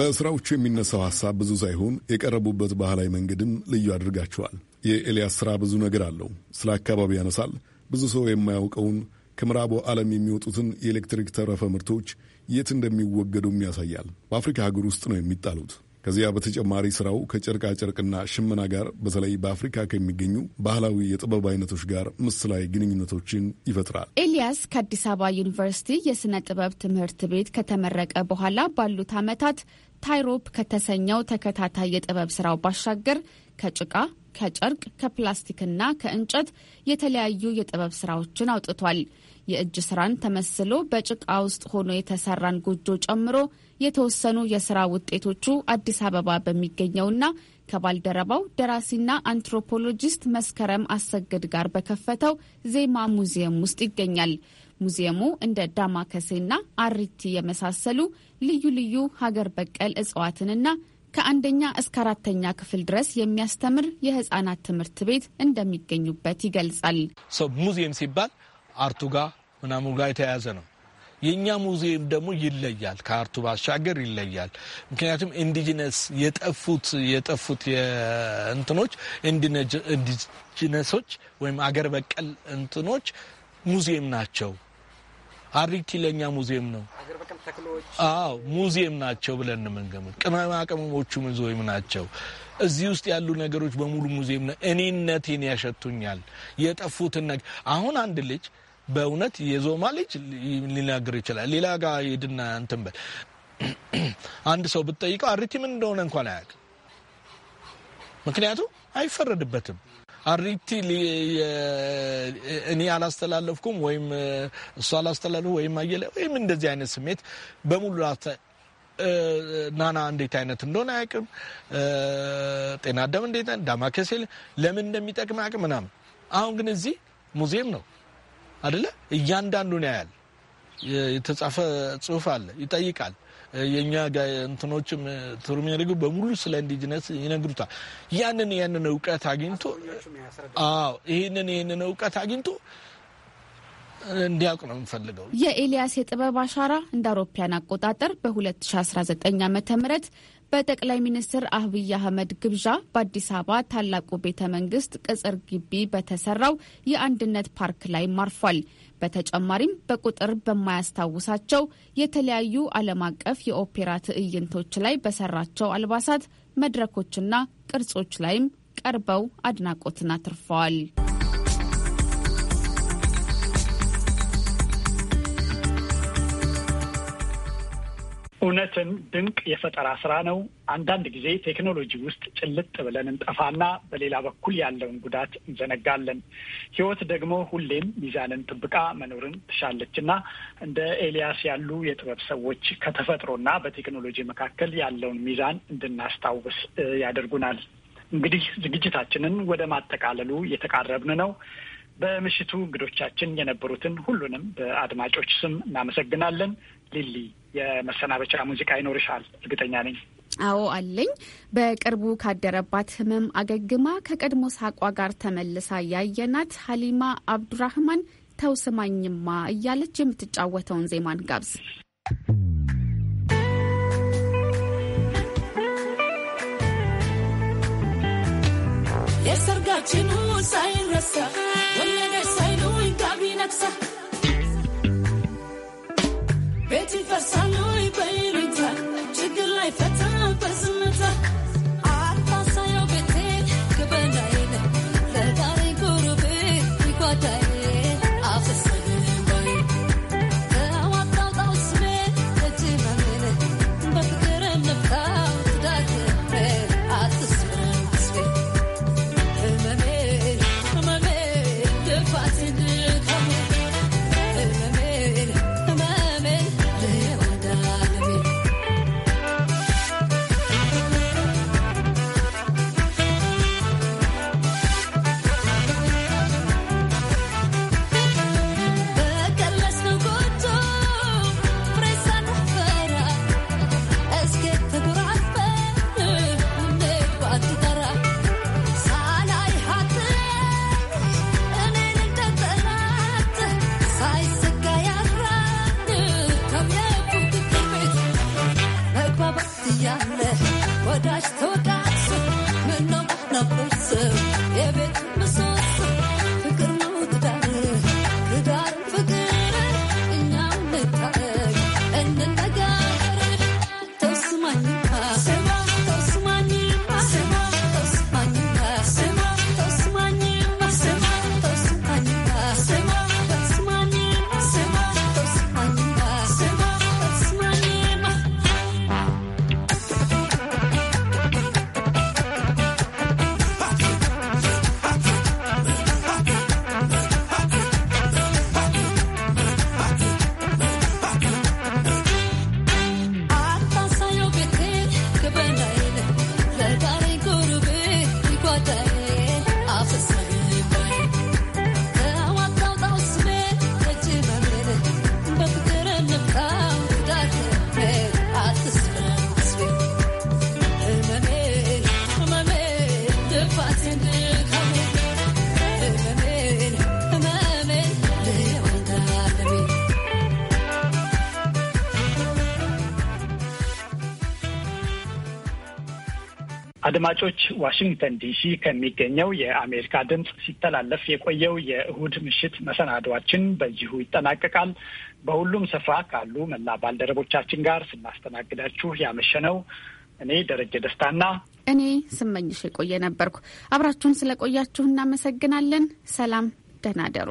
S6: በስራዎቹ የሚነሳው ሀሳብ ብዙ ሳይሆን የቀረቡበት ባህላዊ መንገድም ልዩ አድርጋቸዋል። የኤልያስ ስራ ብዙ ነገር አለው። ስለ አካባቢ ያነሳል። ብዙ ሰው የማያውቀውን ከምዕራቡ ዓለም የሚወጡትን የኤሌክትሪክ ተረፈ ምርቶች የት እንደሚወገዱም ያሳያል። በአፍሪካ ሀገር ውስጥ ነው የሚጣሉት። ከዚያ በተጨማሪ ስራው ጨርቅና ሽመና ጋር በተለይ በአፍሪካ ከሚገኙ ባህላዊ የጥበብ አይነቶች ጋር ምስላዊ ግንኙነቶችን ይፈጥራል።
S2: ኤልያስ ከአዲስ አበባ ዩኒቨርሲቲ የሥነ ጥበብ ትምህርት ቤት ከተመረቀ በኋላ ባሉት ዓመታት ታይሮፕ ከተሰኘው ተከታታይ የጥበብ ስራው ባሻገር ከጭቃ፣ ከጨርቅ፣ ከፕላስቲክና ከእንጨት የተለያዩ የጥበብ ስራዎችን አውጥቷል። የእጅ ስራን ተመስሎ በጭቃ ውስጥ ሆኖ የተሰራን ጎጆ ጨምሮ የተወሰኑ የስራ ውጤቶቹ አዲስ አበባ በሚገኘውና ከባልደረባው ደራሲና አንትሮፖሎጂስት መስከረም አሰግድ ጋር በከፈተው ዜማ ሙዚየም ውስጥ ይገኛል። ሙዚየሙ እንደ ዳማከሴና አሪቲ የመሳሰሉ ልዩ ልዩ ሀገር በቀል እጽዋትንና ከአንደኛ እስከ አራተኛ ክፍል ድረስ የሚያስተምር የህጻናት ትምህርት ቤት እንደሚገኙበት ይገልጻል።
S4: ሙዚየም ሲባል አርቱ ጋር ምናምን ጋር የተያያዘ ነው። የእኛ ሙዚየም ደግሞ ይለያል፣ ከአርቱ ባሻገር ይለያል። ምክንያቱም ኢንዲጂነስ የጠፉት የጠፉት እንትኖች ኢንዲጂነሶች ወይም አገር በቀል እንትኖች ሙዚየም ናቸው። አሪቲ ለእኛ ሙዚየም ነው። አዎ ሙዚየም ናቸው ብለን የምንገምት ቅመማ ቅመሞቹ ሙዚየም ናቸው። እዚህ ውስጥ ያሉ ነገሮች በሙሉ ሙዚየም ነው። እኔነቴን ያሸቱኛል የጠፉትን ነገር አሁን አንድ ልጅ በእውነት የዞማ ልጅ ሊናገር ይችላል። ሌላ ጋ ሄድና እንትን በል አንድ ሰው ብትጠይቀው አሪቲ ምን እንደሆነ እንኳን አያውቅም። ምክንያቱም አይፈረድበትም። አሪቲ እኔ አላስተላለፍኩም ወይም እሱ አላስተላለፍ ወይም አየለ ወይም እንደዚህ አይነት ስሜት በሙሉ ናና እንዴት አይነት እንደሆነ አያውቅም። ጤና አዳም እንዴት ዳማከሴል ለምን እንደሚጠቅም አያውቅም ምናምን። አሁን ግን እዚህ ሙዚየም ነው አደለ? እያንዳንዱን ያያል። የተጻፈ ጽሁፍ አለ፣ ይጠይቃል። የእኛ እንትኖችም ትርሚ የሚያደርጉ በሙሉ ስለ ኢንዲጂነስ ይነግሩታል። ያንን ያንን እውቀት አግኝቶ ይህንን ይህንን እውቀት አግኝቶ እንዲያውቅ ነው የምፈልገው።
S2: የኤልያስ የጥበብ አሻራ እንደ አውሮፓያን አቆጣጠር በ2019 ዓ ም በጠቅላይ ሚኒስትር አብይ አህመድ ግብዣ በአዲስ አበባ ታላቁ ቤተ መንግስት ቅጽር ግቢ በተሰራው የአንድነት ፓርክ ላይ ማርፏል። በተጨማሪም በቁጥር በማያስታውሳቸው የተለያዩ ዓለም አቀፍ የኦፔራ ትዕይንቶች ላይ በሰራቸው አልባሳት፣ መድረኮችና ቅርጾች ላይም ቀርበው አድናቆትን አትርፈዋል። እውነትም ድንቅ የፈጠራ
S1: ስራ ነው። አንዳንድ ጊዜ ቴክኖሎጂ ውስጥ ጭልጥ ብለን እንጠፋና በሌላ በኩል ያለውን ጉዳት እንዘነጋለን። ህይወት ደግሞ ሁሌም ሚዛንን ጥብቃ መኖርን ትሻለች እና እንደ ኤልያስ ያሉ የጥበብ ሰዎች ከተፈጥሮና በቴክኖሎጂ መካከል ያለውን ሚዛን እንድናስታውስ ያደርጉናል። እንግዲህ ዝግጅታችንን ወደ ማጠቃለሉ የተቃረብን ነው። በምሽቱ እንግዶቻችን የነበሩትን ሁሉንም በአድማጮች ስም እናመሰግናለን። ሊሊ የመሰናበቻ ሙዚቃ ይኖርሻል እርግጠኛ
S2: ነኝ። አዎ አለኝ። በቅርቡ ካደረባት ህመም አገግማ ከቀድሞ ሳቋ ጋር ተመልሳ ያየናት ሀሊማ አብዱራህማን ተውስማኝማ እያለች የምትጫወተውን ዜማን ጋብዝ።
S8: የሰርጋችን ሳይረሳ
S1: አድማጮች፣ ዋሽንግተን ዲሲ ከሚገኘው የአሜሪካ ድምፅ ሲተላለፍ የቆየው የእሁድ ምሽት መሰናዷችን በዚሁ ይጠናቀቃል። በሁሉም ስፍራ ካሉ መላ ባልደረቦቻችን ጋር ስናስተናግዳችሁ ነው። እኔ ደረጀ ደስታና
S2: እኔ ስመኝሽ የቆየ ነበርኩ። አብራችሁን ስለቆያችሁ እናመሰግናለን። ሰላም፣ ደህና ደሩ።